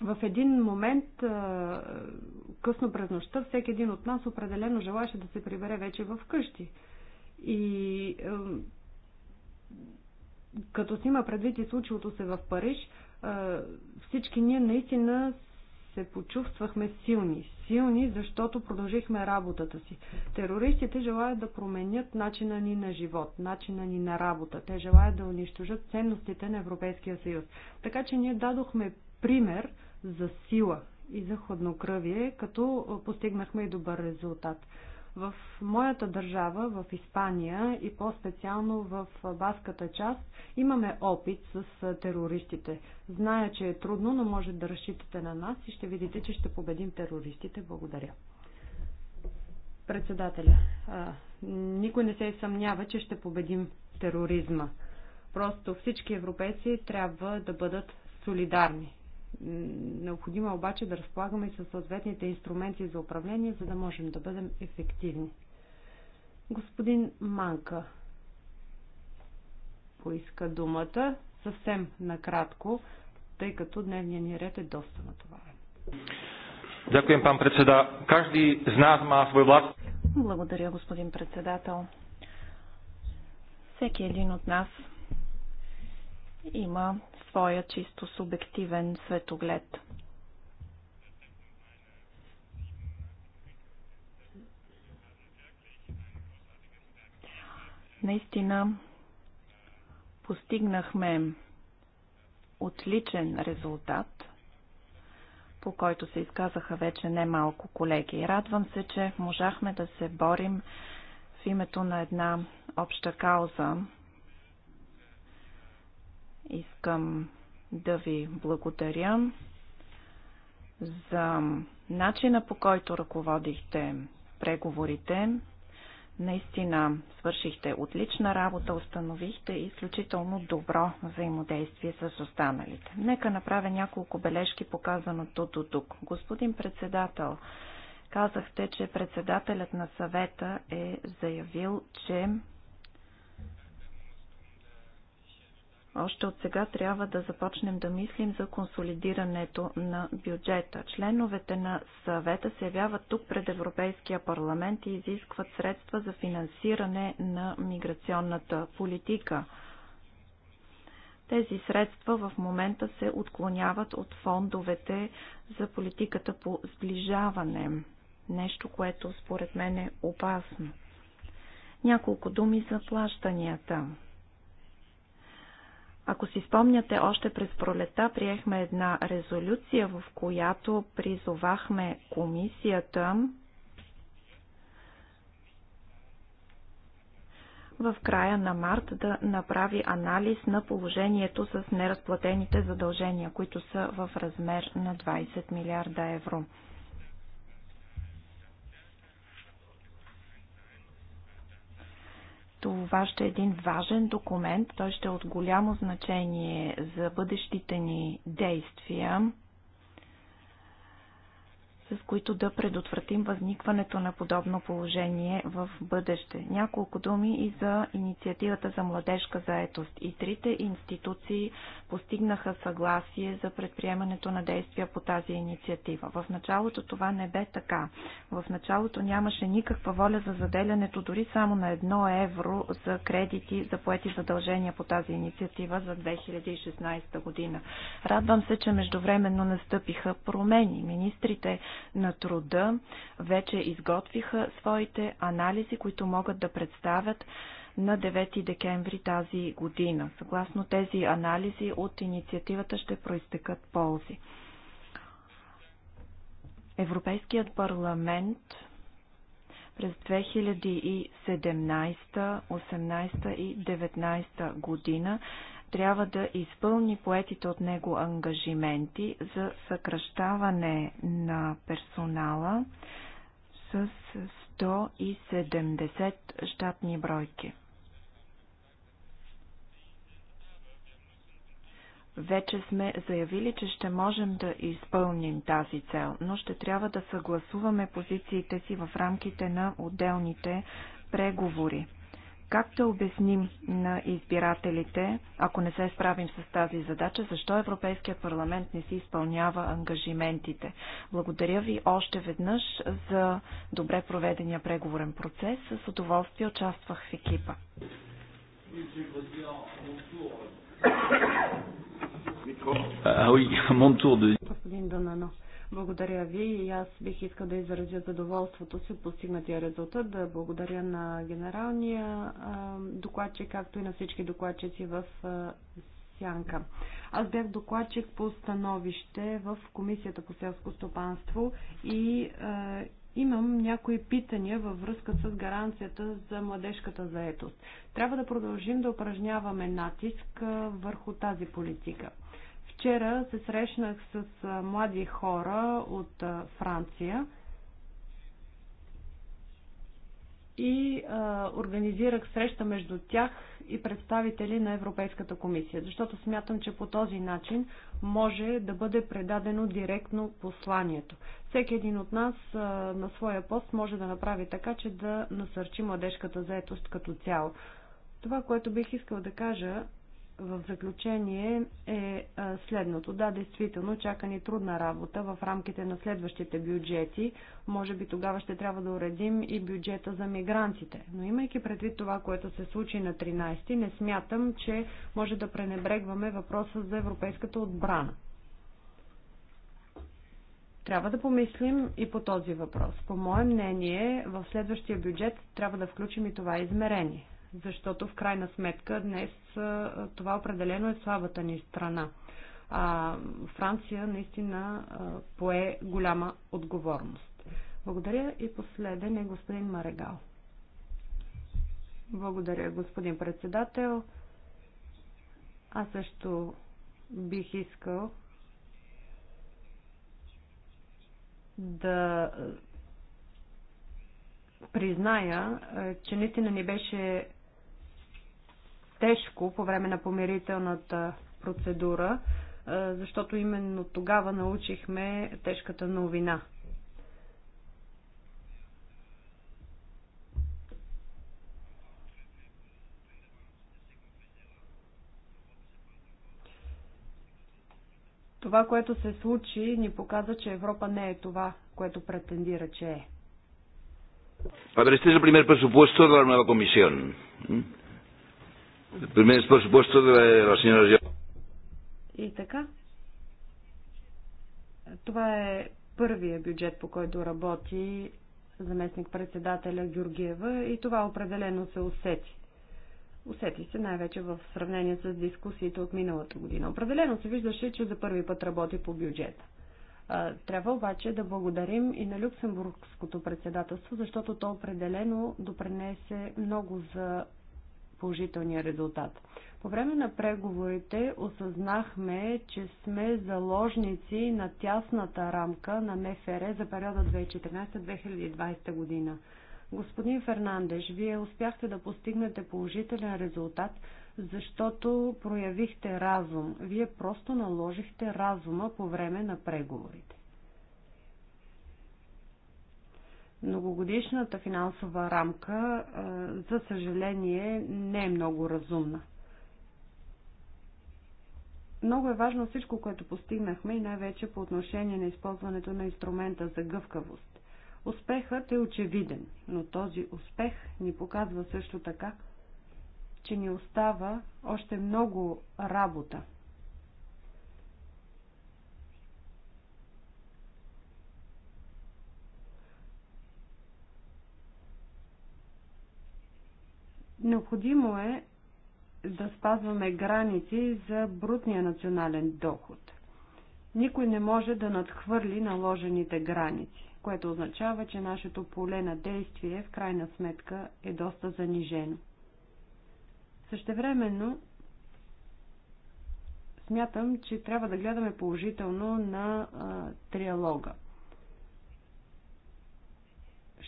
в един момент, късно през нощта, всеки един от нас определено желаше да се прибере вече в къщи. И като си има предвид и случилото се в Париж, всички ние наистина се почувствахме силни. Силни, защото продължихме работата си. Терористите желаят да променят начина ни на живот, начина ни на работа. Те желаят да унищожат ценностите на Европейския съюз. Така че ние дадохме пример за сила и за хладнокръвие, като постигнахме и добър резултат. В моята държава, в Испания и по-специално в баската част, имаме опит с терористите. Зная, че е трудно, но може да разчитате на нас и ще видите, че ще победим терористите. Благодаря. Председателя, никой не се съмнява, че ще победим тероризма. Просто всички европейци трябва да бъдат солидарни Необходимо е обаче да разполагаме и със съответните инструменти за управление, за да можем да бъдем ефективни. Господин Манка поиска думата съвсем накратко, тъй като
дневният ни ред е доста това. Дякуем, пан председа. Кажди знае ма свой власт. Благодаря, господин председател. Всеки един от нас има своя чисто субективен светоглед. Наистина постигнахме отличен резултат, по който се изказаха вече немалко колеги. Радвам се, че можахме да се борим в името на една обща кауза, Искам да ви благодаря за начина по който ръководихте преговорите. Наистина свършихте отлична работа, установихте изключително добро взаимодействие с останалите. Нека направя няколко бележки показаното до тук. Господин председател, казахте, че председателят на съвета е заявил, че Още от сега трябва да започнем да мислим за консолидирането на бюджета. Членовете на съвета се явяват тук пред Европейския парламент и изискват средства за финансиране на миграционната политика. Тези средства в момента се отклоняват от фондовете за политиката по сближаване. Нещо, което според мен е опасно. Няколко думи за плащанията. Ако си спомняте, още през пролета приехме една резолюция, в която призовахме комисията в края на март да направи анализ на положението с неразплатените задължения, които са в размер на 20 милиарда евро. Това ще е един важен документ. Той ще е от голямо значение за бъдещите ни действия с които да предотвратим възникването на подобно положение в бъдеще. Няколко думи и за инициативата за младежка заетост. И трите институции постигнаха съгласие за предприемането на действия по тази инициатива. В началото това не бе така. В началото нямаше никаква воля за заделянето дори само на едно евро за кредити за поети задължения по тази инициатива за 2016 година. Радвам се, че междувременно настъпиха промени. Министрите на труда вече изготвиха своите анализи, които могат да представят на 9 декември тази година. Съгласно тези анализи от инициативата ще проистекат ползи. Европейският парламент през 2017, 18 и 19 година трябва да изпълни поетите от него ангажименти за съкръщаване на персонала с 170 щатни бройки. Вече сме заявили, че ще можем да изпълним тази цел, но ще трябва да съгласуваме позициите си в рамките на отделните преговори. Как да обясним на избирателите, ако не се справим с тази задача, защо Европейският парламент не си изпълнява ангажиментите? Благодаря ви още веднъж за добре проведения преговорен процес. С удоволствие участвах в екипа. Ah oui, à mon tour de
благодаря ви и аз бих искал да изразя задоволството си от постигнатия резултат, да благодаря на генералния докладчик, както и на всички докладчици в Сянка. Аз бях докладчик по становище в Комисията по селско стопанство и е, имам някои питания във връзка с гаранцията за младежката заетост. Трябва да продължим да упражняваме натиск върху тази политика. Вчера се срещнах с млади хора от Франция и а, организирах среща между тях и представители на Европейската комисия, защото смятам, че по този начин може да бъде предадено директно посланието. Всеки един от нас а, на своя пост може да направи така, че да насърчи младежката заетост като цяло. Това, което бих искал да кажа в заключение е следното. Да, действително, чака ни трудна работа в рамките на следващите бюджети. Може би тогава ще трябва да уредим и бюджета за мигрантите. Но имайки предвид това, което се случи на 13, не смятам, че може да пренебрегваме въпроса за европейската отбрана. Трябва да помислим и по този въпрос. По мое мнение, в следващия бюджет трябва да включим и това измерение защото в крайна сметка днес това определено е слабата ни страна. А Франция наистина пое голяма отговорност. Благодаря и последен е господин Марегал. Благодаря, господин председател. Аз също бих искал да призная, че наистина ни беше тежко по време на помирителната процедура, защото именно тогава научихме тежката новина. Това, което се случи, ни показа, че Европа не е това, което претендира, че е.
A ver, este es el primer presupuesto de la nueva comisión. Primer presupuesto de la señora
И така. Това е първия бюджет, по който работи заместник-председателя Георгиева и това определено се усети. Усети се най-вече в сравнение с дискусиите от миналата година. Определено се виждаше, че за първи път работи по бюджета. Трябва обаче да благодарим и на Люксембургското председателство, защото то определено допренесе много за положителния резултат. По време на преговорите осъзнахме, че сме заложници на тясната рамка на МФР за периода 2014-2020 година. Господин Фернандеш, вие успяхте да постигнете положителен резултат, защото проявихте разум. Вие просто наложихте разума по време на преговорите. многогодишната финансова рамка, е, за съжаление, не е много разумна. Много е важно всичко, което постигнахме и най-вече по отношение на използването на инструмента за гъвкавост. Успехът е очевиден, но този успех ни показва също така, че ни остава още много работа – Необходимо е да спазваме граници за брутния национален доход. Никой не може да надхвърли наложените граници, което означава, че нашето поле на действие в крайна сметка е доста занижено. Същевременно смятам, че трябва да гледаме положително на а, триалога.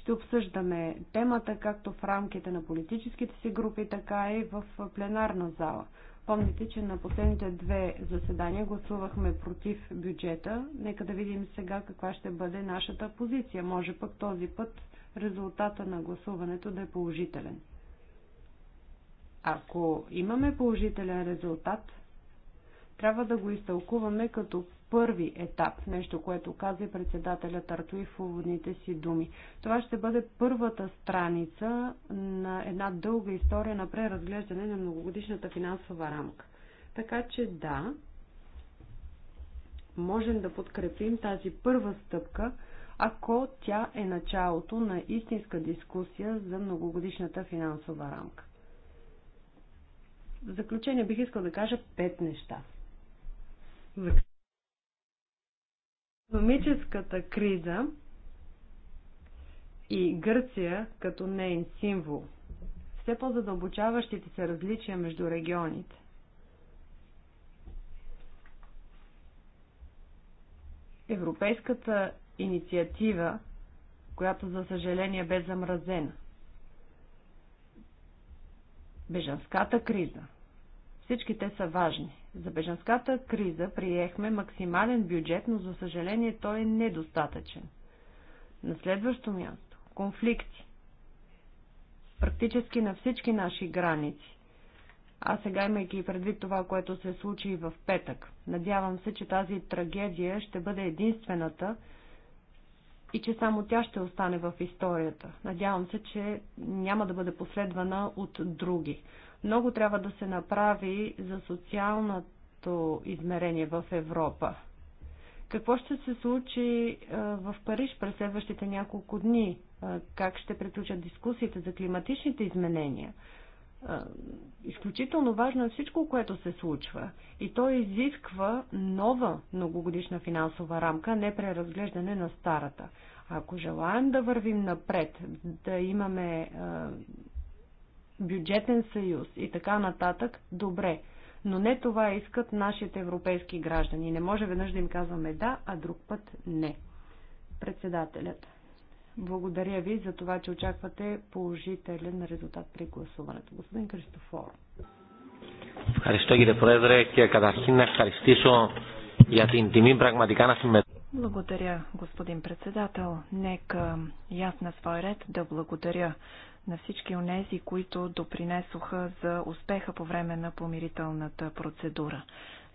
Ще обсъждаме темата както в рамките на политическите си групи, така и в пленарна зала. Помните, че на последните две заседания гласувахме против бюджета. Нека да видим сега каква ще бъде нашата позиция. Може пък този път резултата на гласуването да е положителен. Ако имаме положителен резултат, трябва да го изтълкуваме като първи етап, нещо, което каза и председателя Тартуи в уводните си думи. Това ще бъде първата страница на една дълга история на преразглеждане на многогодишната финансова рамка. Така че да, можем да подкрепим тази първа стъпка, ако тя е началото на истинска дискусия за многогодишната финансова рамка. В заключение бих искал да кажа пет неща. Економическата криза и Гърция като нейн символ. Все по-задълбочаващите се различия между регионите. Европейската инициатива, която за съжаление бе замразена. Бежанската криза. Всички те са важни. За беженската криза приехме максимален бюджет, но за съжаление той е недостатъчен. На следващо място – конфликти. Практически на всички наши граници. А сега имайки предвид това, което се случи и в петък. Надявам се, че тази трагедия ще бъде единствената, и че само тя ще остане в историята. Надявам се, че няма да бъде последвана от други. Много трябва да се направи за социалното измерение в Европа. Какво ще се случи в Париж през следващите няколко дни? Как ще приключат дискусиите за климатичните изменения? изключително важно е всичко, което се случва. И то изисква нова многогодишна финансова рамка, не преразглеждане на старата. Ако желаем да вървим напред, да имаме бюджетен съюз и така нататък, добре. Но не това искат нашите европейски граждани. Не може веднъж да им казваме да, а друг път не. Председателят. Благодаря ви за това, че очаквате положителен резултат при гласуването. Господин Кристофор.
Ευχαριστώ κύριε Πρόεδρε και καταρχήν να ευχαριστήσω για την τιμή πραγματικά να συμμετέχω. Благодаря, господин председател. Нека и аз на свой ред да благодаря на всички онези, които допринесоха за успеха по време на помирителната процедура.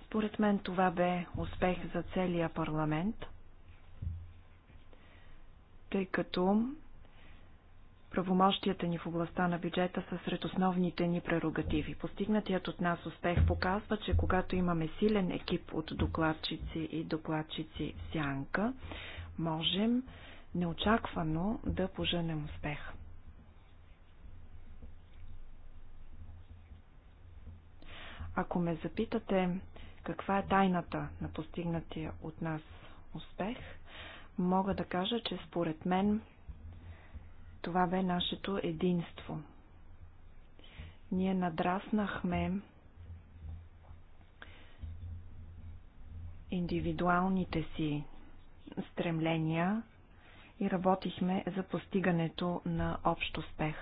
Според мен това бе успех за целия парламент – тъй като правомощията ни в областта на бюджета са сред основните ни прерогативи. Постигнатият от нас успех показва, че когато имаме силен екип от докладчици и докладчици сянка, можем неочаквано да поженем успех. Ако ме запитате каква е тайната на постигнатия от нас успех – мога да кажа, че според мен това бе нашето единство. Ние надраснахме индивидуалните си стремления и работихме за постигането на общ успех.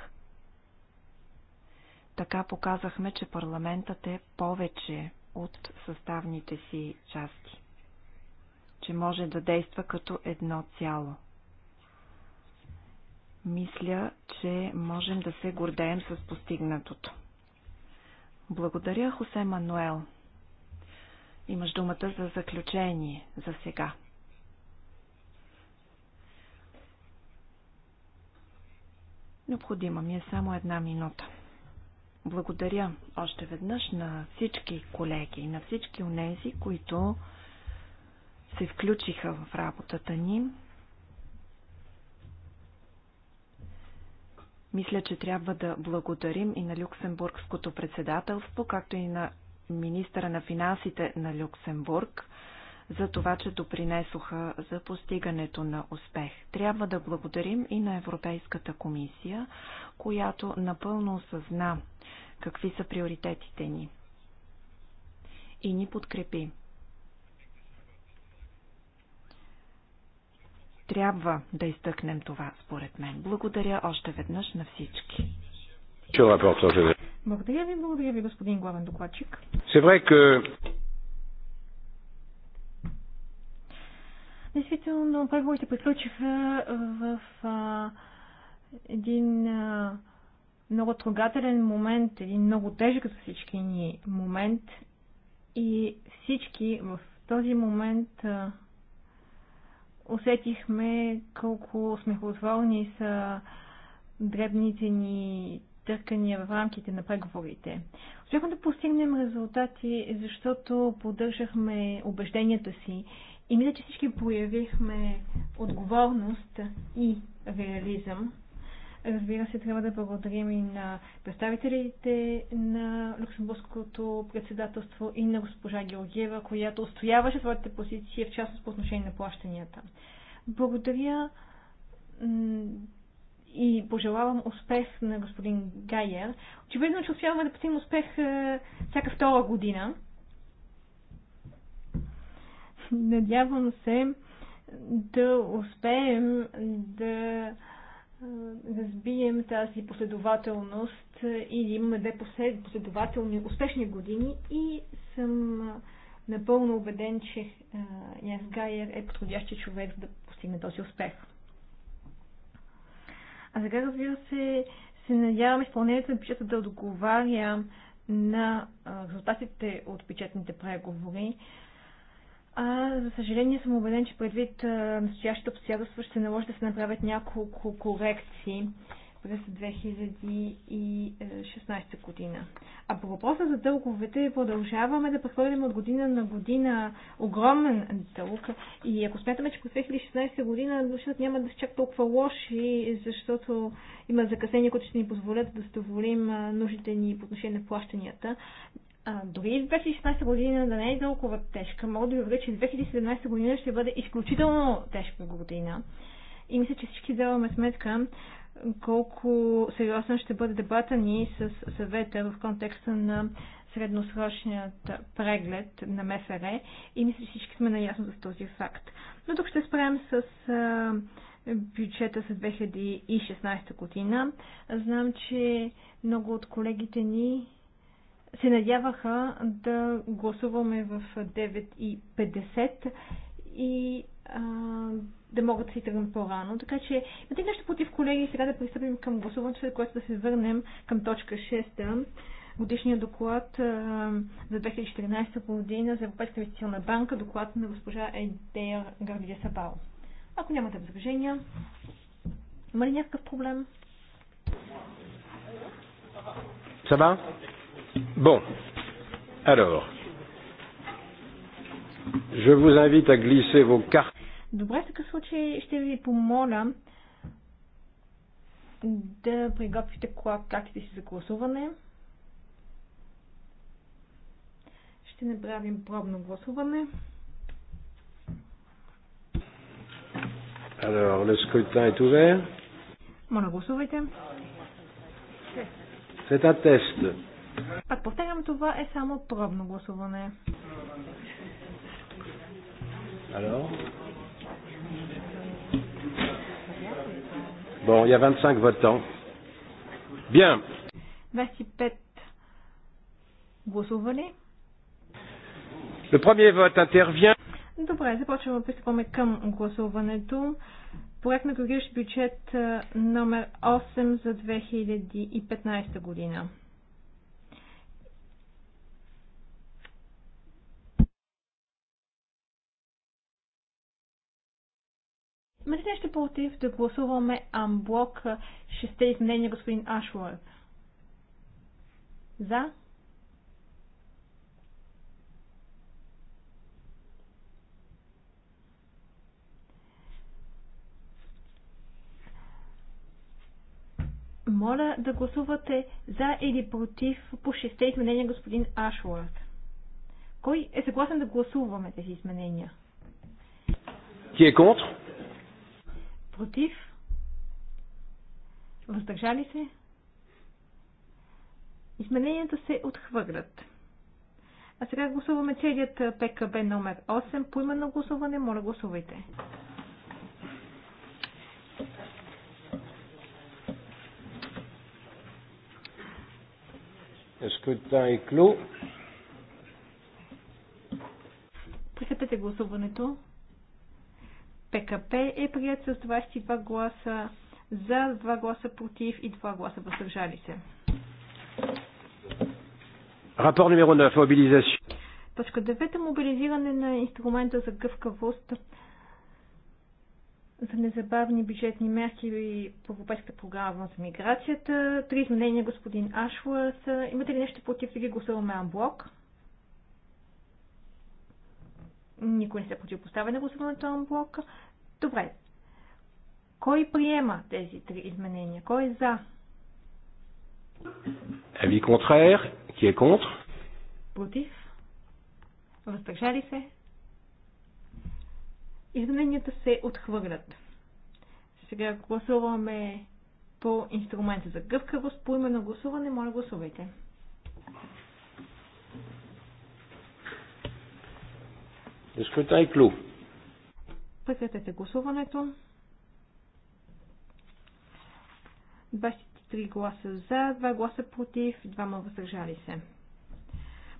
Така показахме, че парламентът е повече от съставните си части че може да действа като едно цяло. Мисля, че можем да се гордеем с постигнатото. Благодаря, Хосе Мануел. Имаш думата за заключение за сега. Необходима ми е само една минута. Благодаря още веднъж на всички колеги, на всички унези, които се включиха в работата ни. Мисля, че трябва да благодарим и на Люксембургското председателство, както и на министъра на финансите на Люксембург, за това, че допринесоха за постигането на успех. Трябва да благодарим и на Европейската комисия, която напълно осъзна какви са приоритетите ни и ни подкрепи. Трябва да изтъкнем това, според мен. Благодаря още веднъж на всички. Благодаря ви, благодаря ви, господин
главен докладчик. Действително, преговорите приключиха в а, един а, много трогателен момент, един много тежък за всички ни момент. И всички в този момент а, усетихме колко смехотворни са дребните ни търкания в рамките на преговорите. Успяхме да постигнем резултати, защото поддържахме убежденията си и мисля, че всички проявихме отговорност и реализъм. Разбира се, трябва да благодарим и на представителите на Люксембургското председателство и на госпожа Георгиева, която устояваше своите позиции, в частност по отношение на плащанията. Благодаря и пожелавам успех на господин Гайер. Очевидно, че успяваме да постигнем успех е, всяка втора година. Надявам се да успеем да разбием е, тази последователност и имаме две последователни успешни години и съм напълно убеден, че Янс Гайер е подходящия човек да постигне този успех. А сега, разбира се, се надявам изпълнението на бюджета да отговаря на резултатите от бюджетните преговори, а, за съжаление съм убеден, че предвид настоящото обстоятелство ще наложи да се направят няколко корекции през 2016 година. А по въпроса за дълговете продължаваме да прехвърляме от година на година огромен дълг и ако смятаме, че през 2016 година нещата няма да са е чак толкова лоши, защото има закъсения, които ще ни позволят да задоволим нуждите ни по отношение на плащанията, а, дори 2016 година да не е толкова тежка, мога да ви уверя, че 2017 година ще бъде изключително тежка година. И мисля, че всички даваме сметка колко сериозно ще бъде дебата ни с съвета в контекста на средносрочният преглед на МФР и мисля, че всички сме наясно с този факт. Но тук ще спрем с бюджета за 2016 година. Знам, че много от колегите ни се надяваха да гласуваме в 9.50 и а, да могат да си тръгнат по-рано. Така че имате нещо против, колеги, сега да пристъпим към гласуването, след което да се върнем към точка 6 годишния доклад за 2014 година за Европейска инвестиционна банка, доклад на госпожа Едея Гардия Сабао. Ако нямате възражения, има ли някакъв проблем?
Сабао? Bon, alors, je vous invite à glisser vos cartes.
Добре, в такъв случай ще ви помоля да приготвите картите си за гласуване. Ще направим пробно гласуване.
Alors, le scrutin est ouvert.
Моля, гласувайте.
C'est un test.
Пак повтарям, това е само пробно гласуване.
Алло? Bon, il y a 25 votants. Bien.
25 гласували.
Le premier vote intervient.
Добре, започваме, пристъпваме към гласуването. Проект на коригиращ бюджет номер 8 за 2015 година. Имате нещо против да гласуваме амблок шесте изменения, господин Ашуар? За? Моля да гласувате за или против по шесте изменения, господин Ашуард. Кой е съгласен да гласуваме тези изменения? Ти е contre Против? Въздържали се? Измененията се отхвърлят. А сега гласуваме целият ПКБ номер 8. По именно гласуване, моля гласувайте.
Ескута и е клю.
Присъпете гласуването. ПКП е прият с 22 гласа за, 2 гласа против и 2 гласа въздържали се.
Рапорт номер 9. Мобилизация.
Точка 9. Мобилизиране на инструмента за гъвкавост за незабавни бюджетни мерки по Европейската програма за миграцията. Три изменения, господин Ашварс. Имате ли нещо против да ги гласуваме анблок? Никой не се противопоставя на гласуването на блока. Добре. Кой приема тези три изменения? Кой е за?
Ави контраер, ки е контр?
Против. Въздържали се. Измененията се отхвърлят. Сега гласуваме по инструмента за гъвкавост, по именно гласуване, моля гласувайте.
Le scrutin est clos.
Прекратете гласуването. 23 гласа за, 2 гласа против, 2 въздържали се.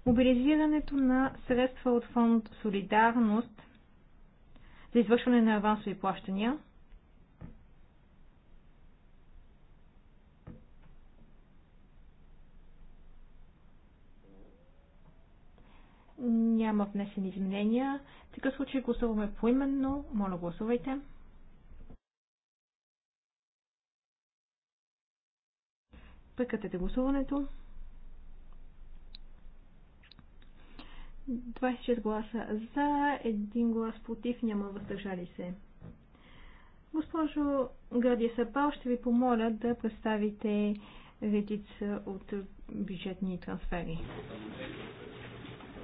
Мобилизирането на средства от фонд Солидарност за извършване на авансови плащания Няма внесени изменения. В такъв случай гласуваме поименно. Моля, гласувайте. Прекратете гласуването. 26 гласа за, 1 глас против, няма въздържали се. Госпожо Градия Сапал, ще ви помоля да представите редица от бюджетни трансфери.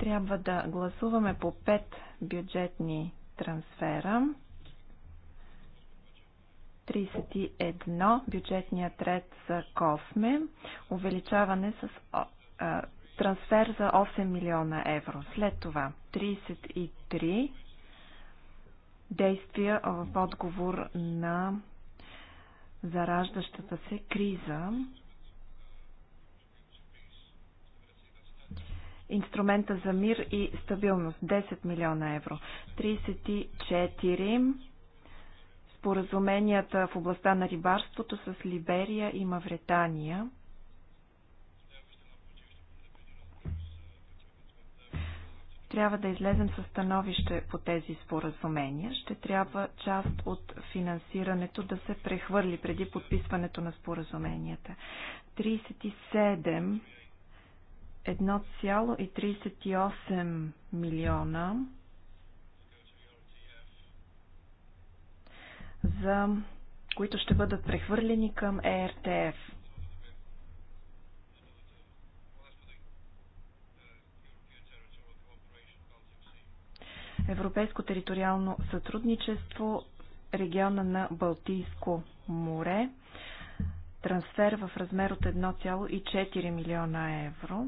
Трябва да гласуваме по 5 бюджетни трансфера. 31 бюджетният ред за Косме, увеличаване с а, трансфер за 8 милиона евро. След това 33 действия в отговор на зараждащата се криза инструмента за мир и стабилност 10 милиона евро. 34 споразуменията в областта на рибарството с Либерия и Мавретания. Трябва да излезем със становище по тези споразумения. Ще трябва част от финансирането да се прехвърли преди подписването на споразуменията. 37 1,38 милиона за които ще бъдат прехвърлени към ЕРТФ. Европейско териториално сътрудничество, региона на Балтийско море, трансфер в размер от 1,4 милиона евро.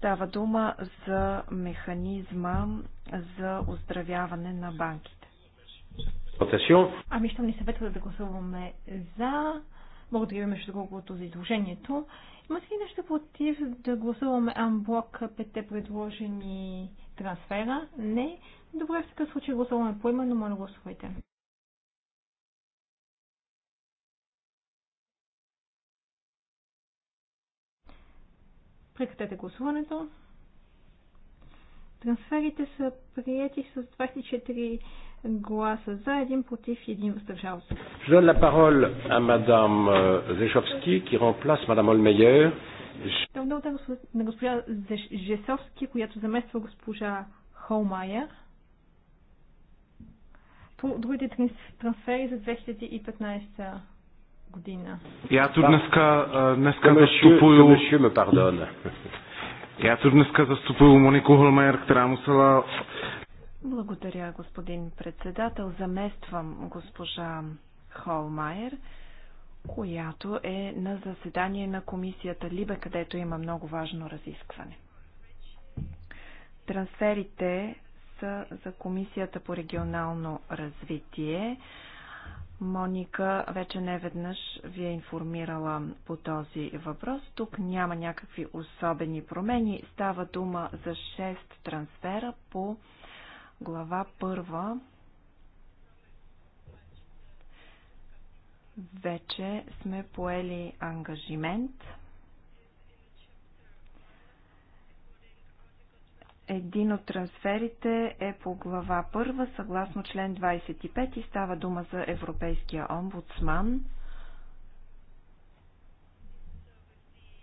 Става дума за механизма за оздравяване на банките. Ами, щом
ни съветва да гласуваме за. Благодаря ще колкото за изложението. Има си нещо против да гласуваме амблок пете предложени трансфера? Не. Добре, в такъв случай гласуваме по именно. Моля, гласувайте. Прекратете гласуването. Трансферите са приети с 24 гласа за, един против и един въздържал се.
Je donne la parole à madame euh, Zechowski, qui remplace madame Olmeyer.
Дам на госпожа Жесовски, която замества госпожа Холмайер. Другите трансфери за 2015 година.
Já tu dneska, dneska zastupuju... Já tu dneska která musela...
Благодаря, господин председател. Замествам госпожа Холмайер, която е на заседание на комисията Либе, където има много важно разискване. Трансферите са за комисията по регионално развитие. Моника вече не веднъж ви е информирала по този въпрос. Тук няма някакви особени промени. Става дума за 6 трансфера по глава 1. Вече сме поели ангажимент Един от трансферите е по глава първа, съгласно член 25 и става дума за Европейския омбудсман.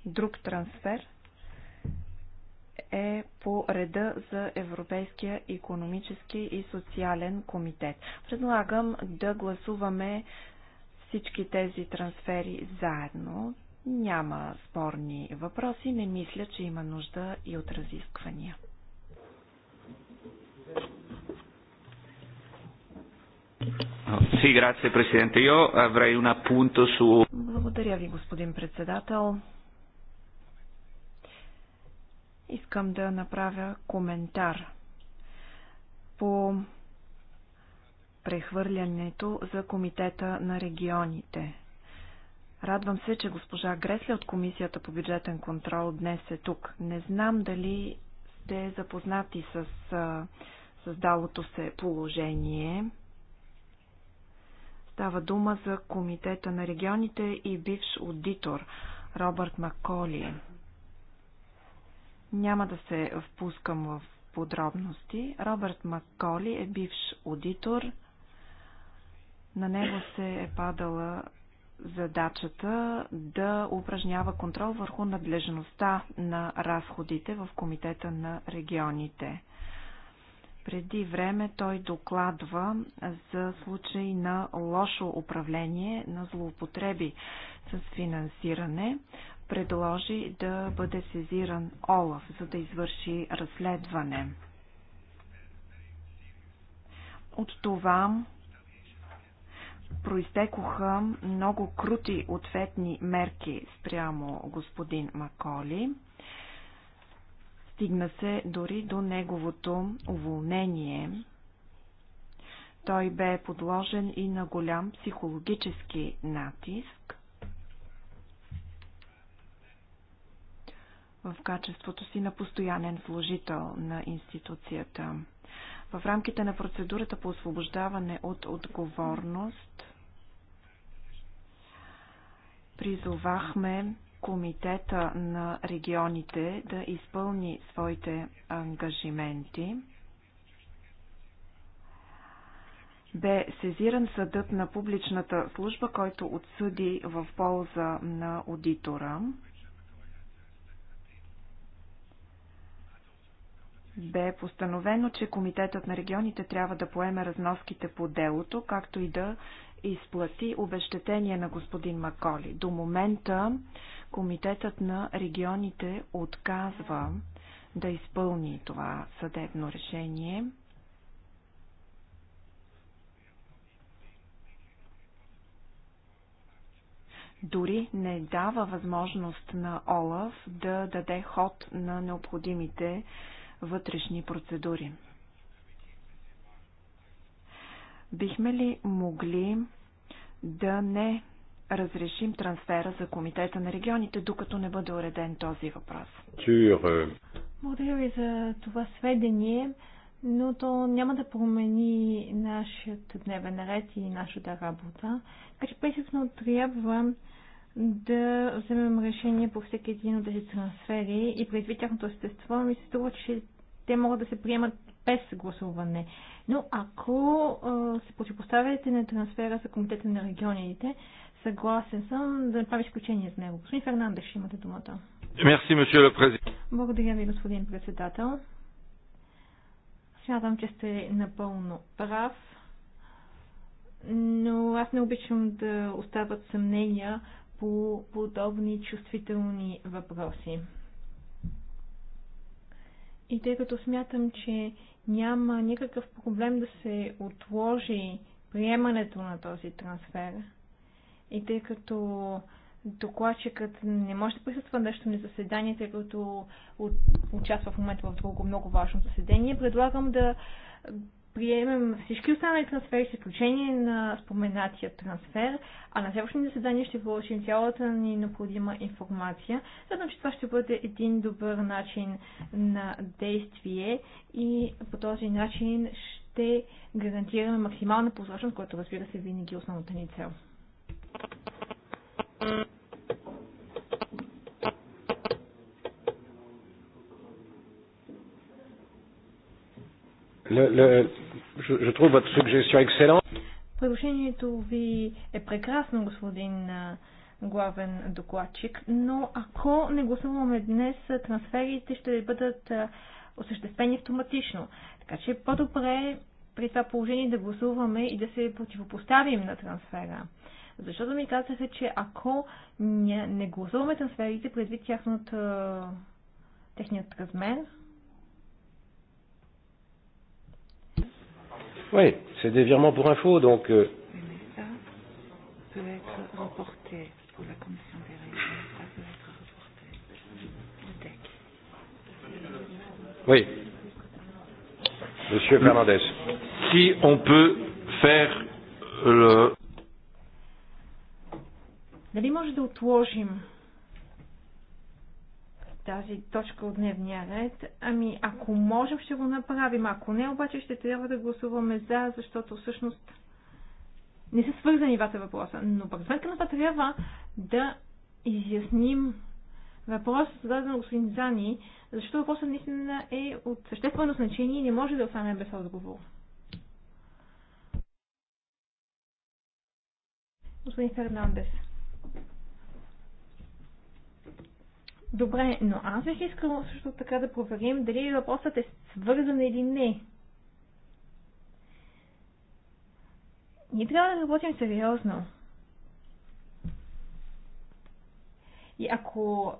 Друг трансфер е по реда за Европейския економически и социален комитет. Предлагам да гласуваме всички тези трансфери заедно. Няма спорни въпроси, не мисля, че има нужда и от разисквания. Благодаря ви, господин председател. Искам да направя коментар по прехвърлянето за Комитета на регионите. Радвам се, че госпожа Гресле от Комисията по бюджетен контрол днес е тук. Не знам дали сте запознати с създалото се положение. Става дума за Комитета на регионите и бивш аудитор Робърт Маколи. Няма да се впускам в подробности. Робърт Макколи е бивш аудитор. На него се е падала задачата да упражнява контрол върху надлежността на разходите в Комитета на регионите. Преди време той докладва за случаи на лошо управление, на злоупотреби с финансиране. Предложи да бъде сезиран Олаф, за да извърши разследване. От това произтекоха много крути ответни мерки спрямо господин Маколи. Стигна се дори до неговото уволнение. Той бе подложен и на голям психологически натиск. в качеството си на постоянен служител на институцията. В рамките на процедурата по освобождаване от отговорност призовахме Комитета на регионите да изпълни своите ангажименти. Бе сезиран съдът на публичната служба, който отсъди в полза на аудитора. бе постановено, че Комитетът на регионите трябва да поеме разноските по делото, както и да изплати обещетение на господин Маколи. До момента Комитетът на регионите отказва да изпълни това съдебно решение. Дори не дава възможност на Олаф да даде ход на необходимите вътрешни процедури. Бихме ли могли да не разрешим трансфера за Комитета на регионите, докато не бъде уреден този въпрос. Благодаря ви за това сведение,
но то няма да промени нашият дневен ред и нашата работа. Така че принципно трябва да вземем решение по всеки един от тези трансфери и предвид тяхното естество ми се струва, че те могат да се приемат без гласуване. Но ако а, се противопоставяте на трансфера за комитета на регионите, съгласен съм да направя изключение с него. Господин ще имате думата. Мерси, Благодаря ви, господин председател. Смятам, че сте напълно прав, но аз не обичам да остават съмнения по подобни чувствителни въпроси. И тъй като смятам, че няма никакъв проблем да се отложи приемането на този трансфер, и тъй като докладчикът не може да присъства нещо на заседание, тъй като участва в момента в друго много важно заседание, предлагам да приемем всички останали трансфери, с изключение на споменатия трансфер, а на следващото заседание ще получим цялата ни необходима информация. Следвам, че това ще бъде един добър начин на действие и по този начин ще гарантираме максимална прозрачност, което разбира се винаги е основната ни цел.
Le, le, je, je trouve votre suggestion excellente.
Предложението ви е прекрасно, господин главен докладчик, но ако не гласуваме днес, трансферите ще бъдат осъществени автоматично. Така че е по-добре при това положение да гласуваме и да се противопоставим на трансфера. Защото ми казаха, че ако не, гласуваме трансферите предвид тяхната, техният размер,
Oui, c'est des virements pour info, donc. Euh...
ça peut être reporté pour la commission des régions.
Oui. Monsieur Fernandez, si on peut faire le. Дали може да отложим тази точка от дневния ред? Ами, ако можем, ще го направим. Ако не, обаче ще трябва да гласуваме за, защото всъщност не са свързани двата въпроса. Но пък сметка на това трябва да изясним въпросът, зададен от господин Зани, защото въпросът наистина е от съществено значение и не може да остане без отговор. Господин Фернандес. Добре, но аз бих искала също така да проверим дали въпросът е свързан или не. Ние трябва да работим сериозно. И ако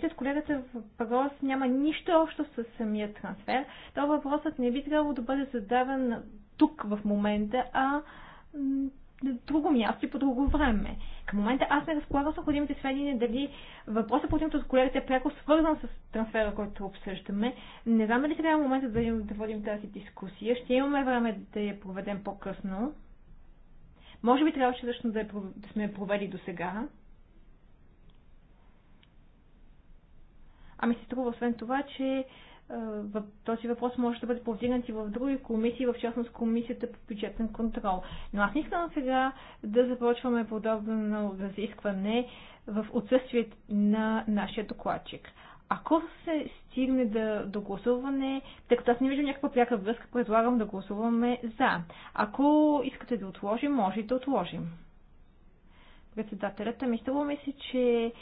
се с колегата въпрос няма нищо общо с самия трансфер, то въпросът не би трябвало да бъде задаван тук в момента, а на друго място и по друго време. Към момента аз не разполагам с необходимите сведения дали въпросът, повдигнат от колегите, е пряко свързан с трансфера, който обсъждаме. Не знам дали сега е момента да, да водим тази дискусия. Ще имаме време да я проведем по-късно. Може би трябваше също да, я, да сме я провели до сега. Ами се струва освен това, че е, този въпрос може да бъде повдигнат и в други комисии, в частност комисията по бюджетен контрол. Но аз не искам сега да започваме подобно разискване в отсъствие на нашия докладчик. Ако се стигне да, до гласуване, тъй като аз не виждам някаква пряка връзка, предлагам да гласуваме за. Ако искате да отложим, може и да отложим председателята. Ами, Мислило ми се, че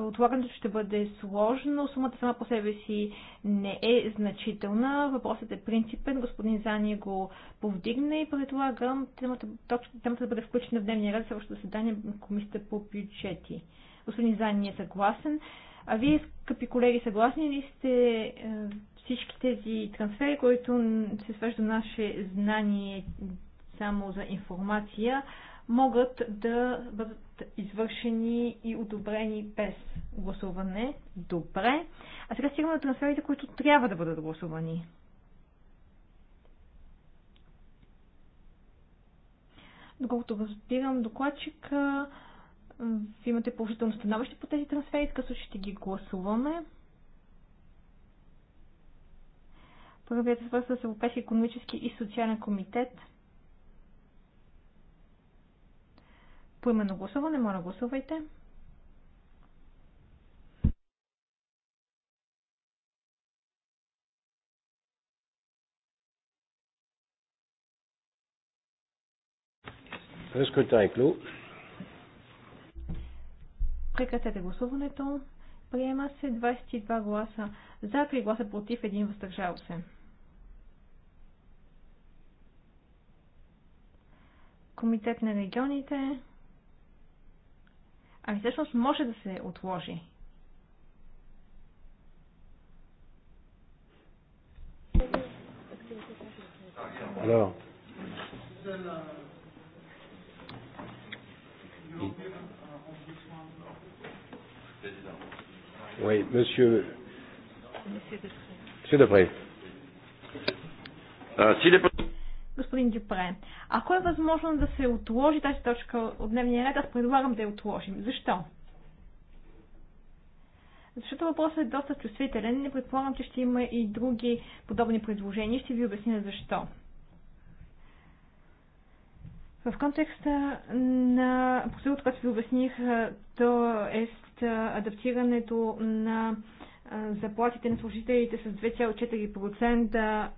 отлагането ще бъде сложно, сумата сама по себе си не е значителна. Въпросът е принципен, господин Зани го повдигне и предлагам темата, темата да бъде включена в дневния ред следващото заседание на комисията по бюджети. Господин Зани е съгласен. А вие, скъпи колеги, съгласни ли сте е, всички тези трансфери, които се свежда наше знание само за информация, могат да бъдат извършени и одобрени без гласуване. Добре. А сега стигаме до трансферите, които трябва да бъдат гласувани. Доколкото разбирам докладчик, ви имате положително становище по тези трансфери, така ще ги гласуваме. Първият е свързан с Европейски економически и социален комитет – По именно гласуване, моля гласувайте. Прекратете гласуването. Приема се 22 гласа за, 3 гласа против, 1 въздържал се. Комитет на регионите. Ами всъщност може да се отложи. Alors,
oui,
monsieur,
monsieur
Debré. Euh, si les
господин Дюпре. Ако е възможно да се отложи тази точка от дневния ред, аз предлагам да я отложим. Защо? Защото въпросът е доста чувствителен. Не предполагам, че ще има и други подобни предложения. Ще ви обясня защо. В контекста
на
процедурата, която ви обясних, то е адаптирането на заплатите на служителите с 2,4%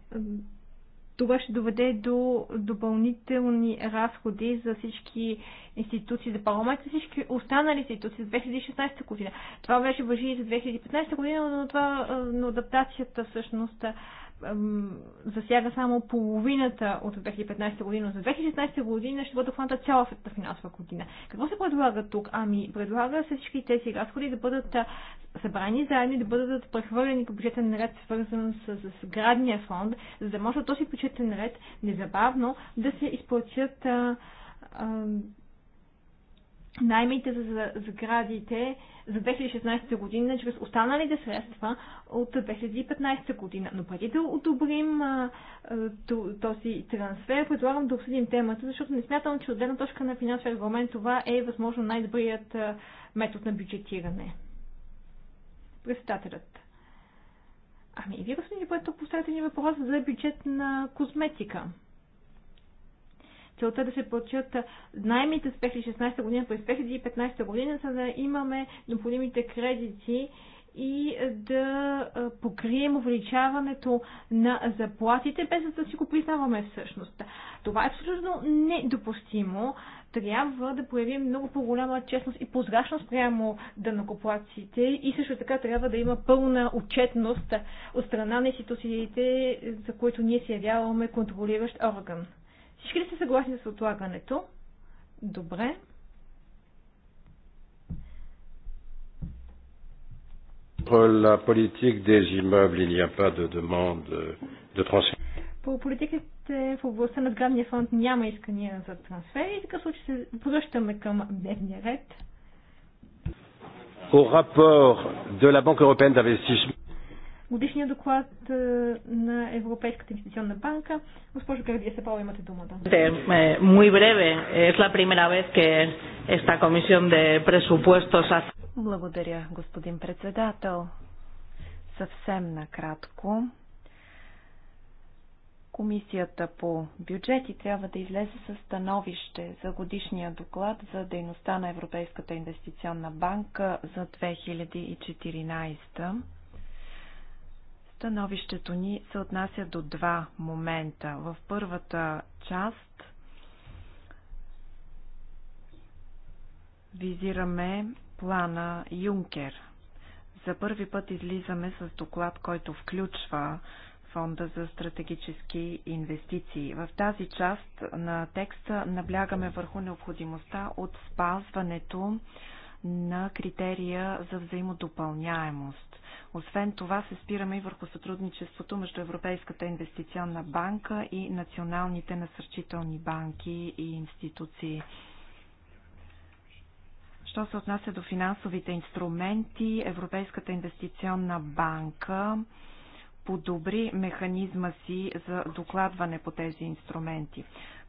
това ще доведе до допълнителни разходи за всички институции, за парламент за всички останали институции за 2016 година. Това беше въжи и за 2015 година, но, това, е, но адаптацията всъщност е, засяга само половината от 2015 година. За 2016 година ще бъде обхваната цялата финансова година. Какво се предлага тук? Ами, предлага се всички тези разходи да бъдат събрани заедно и да бъдат прехвърлени по бюджетен ред, свързан с, с градния фонд, за да може този бюджетен ред незабавно да се изплатят а, а, наймите за сградите за 2016 година чрез останалите средства от 2015 година. Но преди да одобрим този трансфер, предлагам да обсъдим темата, защото не смятам, че от една точка на финансов регламент това е възможно най-добрият метод на бюджетиране. Председателят. Ами, вие, господин Либрето, поставяте ни въпрос за бюджет на козметика. Целта е да се плачат найемите с 2016 година през 2015 година, за да имаме необходимите кредити и да покрием увеличаването на заплатите, без да си го признаваме всъщност. Това е абсолютно недопустимо. Трябва да проявим много по-голяма честност и прозрачност прямо данокоплаците и също така трябва да има пълна отчетност от страна на институциите, за които ние се явяваме контролиращ орган. Всички ли сте съгласни с отлагането? Добре.
la politique des immeubles, il n'y a pas de demande de transfert.
По политиките в областта на сградния фонд няма искания за трансфери. и така случай се връщаме към дневния ред.
Au rapport de la Banque européenne d'investissement
годишния доклад е, на Европейската инвестиционна банка.
Госпожо Гърдия Сепова, имате думата.
Е, е, muy breve. Es la primera vez que esta comisión de presupuestos
Благодаря, господин председател. Съвсем накратко. Комисията по бюджети трябва да излезе със становище за годишния доклад за дейността на Европейската инвестиционна банка за 2014. Становището ни се отнася до два момента. В първата част визираме плана Юнкер. За първи път излизаме с доклад, който включва Фонда за стратегически инвестиции. В тази част на текста наблягаме върху необходимостта от спазването на критерия за взаимодопълняемост. Освен това се спираме и върху сътрудничеството между Европейската инвестиционна банка и националните насърчителни банки и институции. Що се отнася до финансовите инструменти, Европейската инвестиционна банка подобри механизма си за докладване по тези инструменти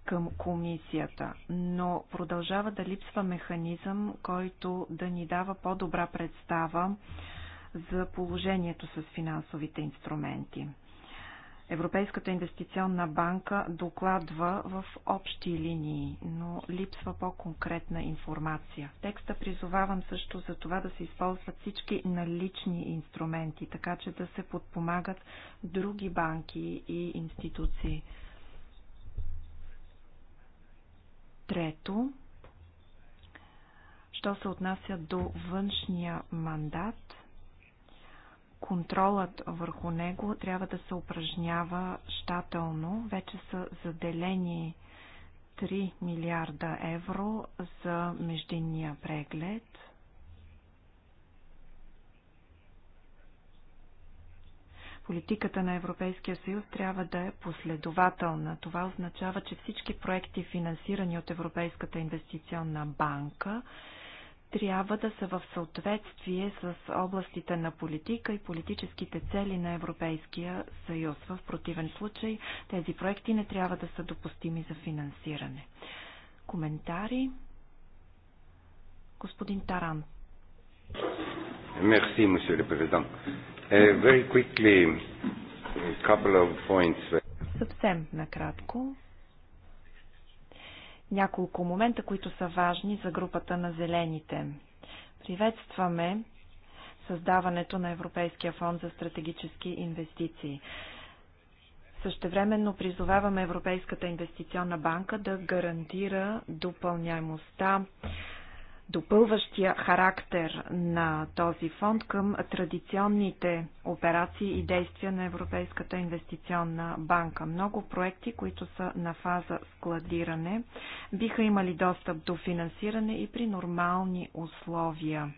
към комисията, но продължава да липсва механизъм, който да ни дава по-добра представа за положението с финансовите инструменти. Европейската инвестиционна банка докладва в общи линии, но липсва по-конкретна информация. В текста призовавам също за това да се използват всички налични инструменти, така че да се подпомагат други банки и институции. Трето, що се отнася до външния мандат – контролът върху него трябва да се упражнява щателно. Вече са заделени 3 милиарда евро за междинния преглед. Политиката на Европейския съюз трябва да е последователна. Това означава, че всички проекти, финансирани от Европейската инвестиционна банка, трябва да са в съответствие с областите на политика и политическите цели на Европейския съюз. В противен случай тези проекти не трябва да са допустими за финансиране. Коментари? Господин Таран.
Мерси, monsieur le eh, very quickly, a couple of points.
Съвсем накратко няколко момента, които са важни за групата на зелените. Приветстваме създаването на Европейския фонд за стратегически инвестиции. Същевременно призоваваме Европейската инвестиционна банка да гарантира допълняемостта допълващия характер на този фонд към традиционните операции и действия на Европейската инвестиционна банка. Много проекти, които са на фаза складиране, биха имали достъп до финансиране и при нормални условия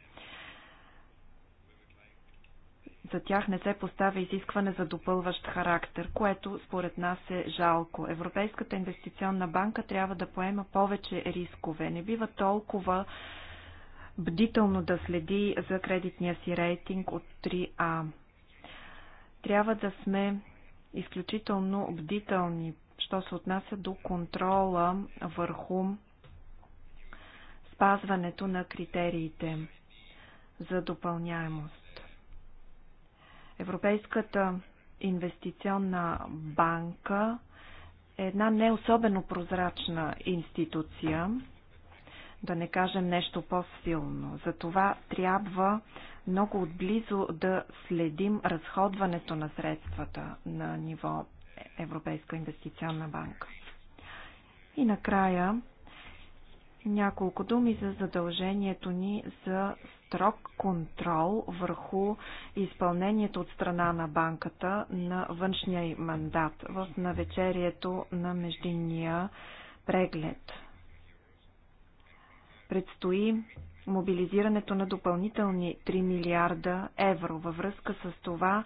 за тях не се поставя изискване за допълващ характер, което според нас е жалко. Европейската инвестиционна банка трябва да поема повече рискове. Не бива толкова бдително да следи за кредитния си рейтинг от 3А. Трябва да сме изключително бдителни, що се отнася до контрола върху спазването на критериите за допълняемост. Европейската инвестиционна банка е една не особено прозрачна институция, да не кажем нещо по-силно. Затова трябва много отблизо да следим разходването на средствата на ниво Европейска инвестиционна банка. И накрая няколко думи за задължението ни за строг контрол върху изпълнението от страна на банката на външния мандат в навечерието на междинния преглед. Предстои мобилизирането на допълнителни 3 милиарда евро. Във връзка с това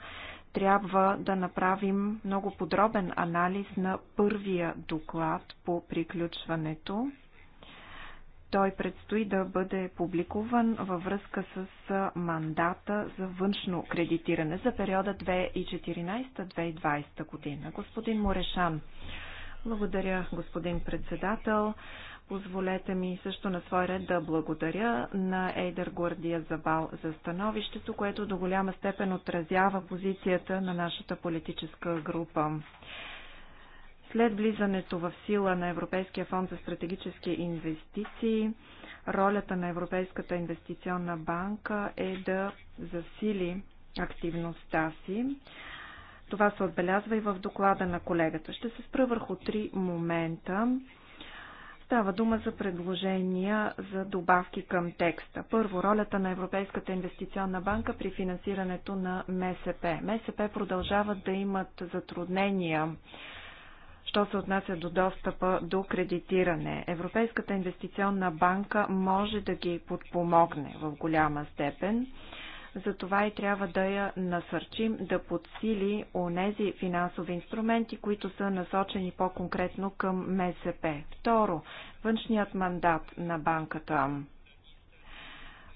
трябва да направим много подробен анализ на първия доклад по приключването. Той предстои да бъде публикуван във връзка с мандата за външно кредитиране за периода 2014-2020 година. Господин Морешан, благодаря, господин председател. Позволете ми също на свой ред да благодаря на Ейдър Гордия Забал за становището, което до голяма степен отразява позицията на нашата политическа група. След влизането в сила на Европейския фонд за стратегически инвестиции, ролята на Европейската инвестиционна банка е да засили активността си. Това се отбелязва и в доклада на колегата. Ще се спра върху три момента. Става дума за предложения за добавки към текста. Първо, ролята на Европейската инвестиционна банка при финансирането на МСП. МСП продължават да имат затруднения Що се отнася до достъпа до кредитиране, Европейската инвестиционна банка може да ги подпомогне в голяма степен. Затова и трябва да я насърчим да подсили онези финансови инструменти, които са насочени по-конкретно към МСП. Второ, външният мандат на банката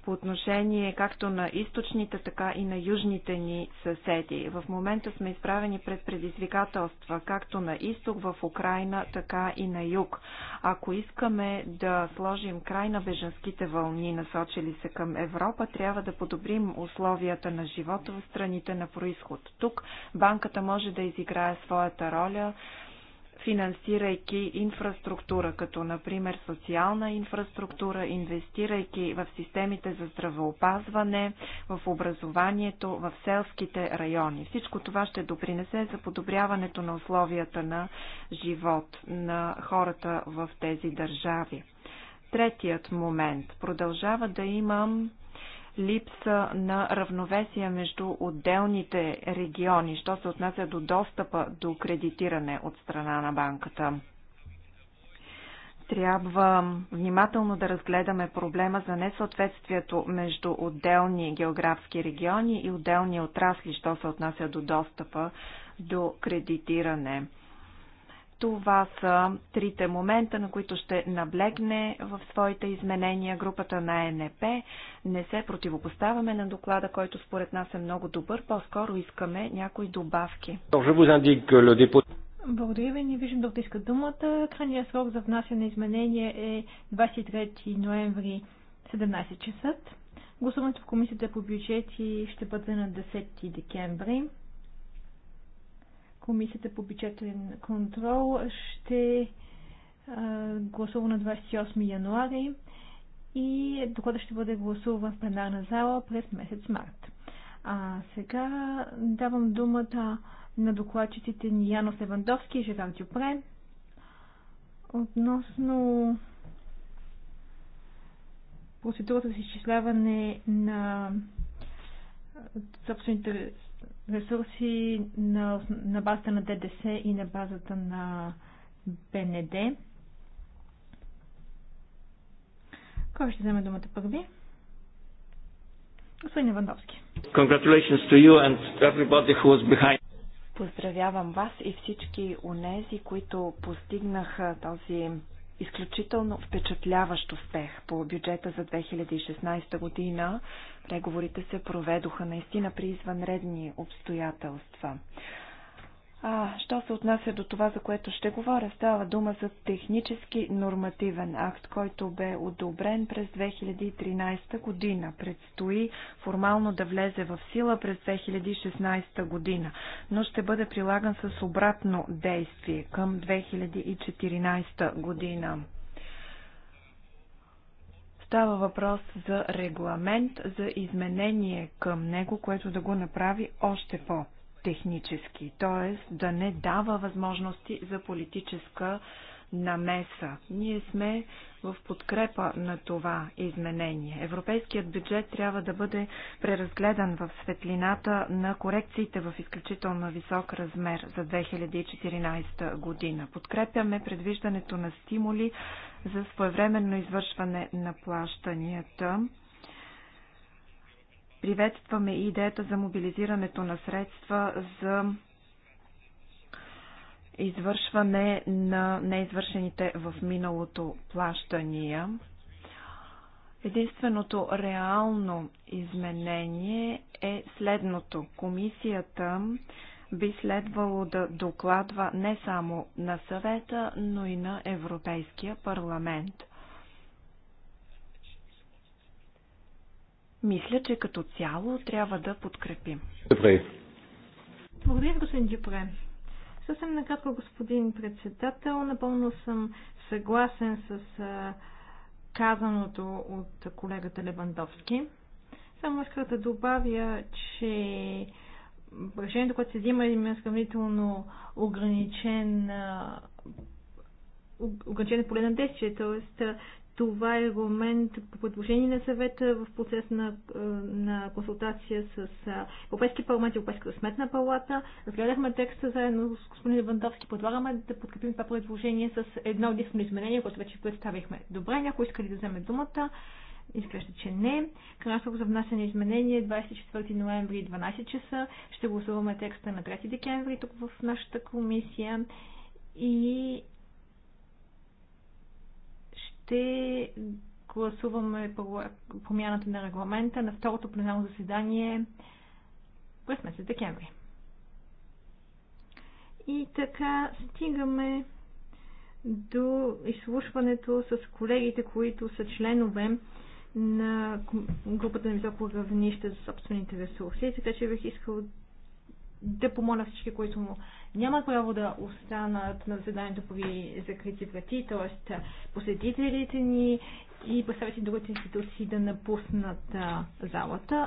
по отношение както на източните, така и на южните ни съседи. В момента сме изправени пред предизвикателства както на изток в Украина, така и на юг. Ако искаме да сложим край на беженските вълни, насочили се към Европа, трябва да подобрим условията на живота в страните на происход. Тук банката може да изиграе своята роля финансирайки инфраструктура, като например социална инфраструктура, инвестирайки в системите за здравеопазване, в образованието, в селските райони. Всичко това ще допринесе за подобряването на условията на живот на хората в тези държави. Третият момент. Продължава да имам липса на равновесие между отделните региони, що се отнася до достъпа до кредитиране от страна на банката. Трябва внимателно да разгледаме проблема за несъответствието между отделни географски региони и отделни отрасли, що се отнася до достъпа до кредитиране. Това са трите момента, на които ще наблегне в своите изменения групата на ЕНП. Не се противопоставяме на доклада, който според нас е много добър, по-скоро искаме някои добавки. Благодаря ви, не
виждам да отиска думата. Крайният срок за внасяне на изменение е 23 ноември 17 часа. Гласуването в комисията по бюджети ще бъде на 10 декември. Комисията по бюджетен контрол ще гласува на 28 януари и докладът ще бъде гласуван в пленарна зала през месец март. А сега давам думата на докладчиците ни Янос Левандовски и Жерар Дюпре относно процедурата за изчисляване на собствените ресурси на, на базата на ДДС и на базата на БНД. Кой ще вземе думата първи? Господин Ивандовски.
Поздравявам вас и всички унези, които постигнаха този изключително впечатляващ успех по бюджета за 2016 година. Преговорите се проведоха наистина при извънредни обстоятелства. А, що се отнася до това, за което ще говоря, става дума за технически нормативен акт, който бе одобрен през 2013 година. Предстои формално да влезе в сила през 2016 година, но ще бъде прилаган с обратно действие към 2014 година. Става въпрос за регламент за изменение към него, което да го направи още по технически, т.е. да не дава възможности за политическа намеса. Ние сме в подкрепа на това изменение. Европейският бюджет трябва да бъде преразгледан в светлината на корекциите в изключително висок размер за 2014 година. Подкрепяме предвиждането на стимули за своевременно извършване на плащанията Приветстваме и идеята за мобилизирането на средства за извършване на неизвършените в миналото плащания. Единственото реално изменение е следното. Комисията би следвало да докладва не само на съвета, но и на Европейския парламент – Мисля, че като цяло трябва да подкрепим. Добре.
Благодаря господин Дюпре. Съвсем накратко, господин председател, напълно съм съгласен с казаното от колегата Левандовски. Само исках да добавя, че решението, което се взима, е има сравнително ограничен ограничен поле на действие, т.е. Това е момент по предложение на съвета в процес на, е, на консултация с е, Европейски парламент и Европейската сметна палата. Разгледахме текста заедно с господин Левандовски. Предлагаме да подкрепим това предложение с едно единствено изменение, което вече представихме. Добре, някой иска ли да вземе думата? Изглежда, че не. Крайен за внасяне изменение 24 е ноември 12 часа. Ще гласуваме текста на 3 декември тук в нашата комисия и ще гласуваме промяната на регламента на второто пленарно заседание през месец декември. И така стигаме до изслушването с колегите, които са членове на групата на високо равнище за собствените ресурси. Така че бих искал да помоля всички, които му нямат право да останат на заседанието ви закрити врати, т.е. посетителите ни и представители другите институции да напуснат залата.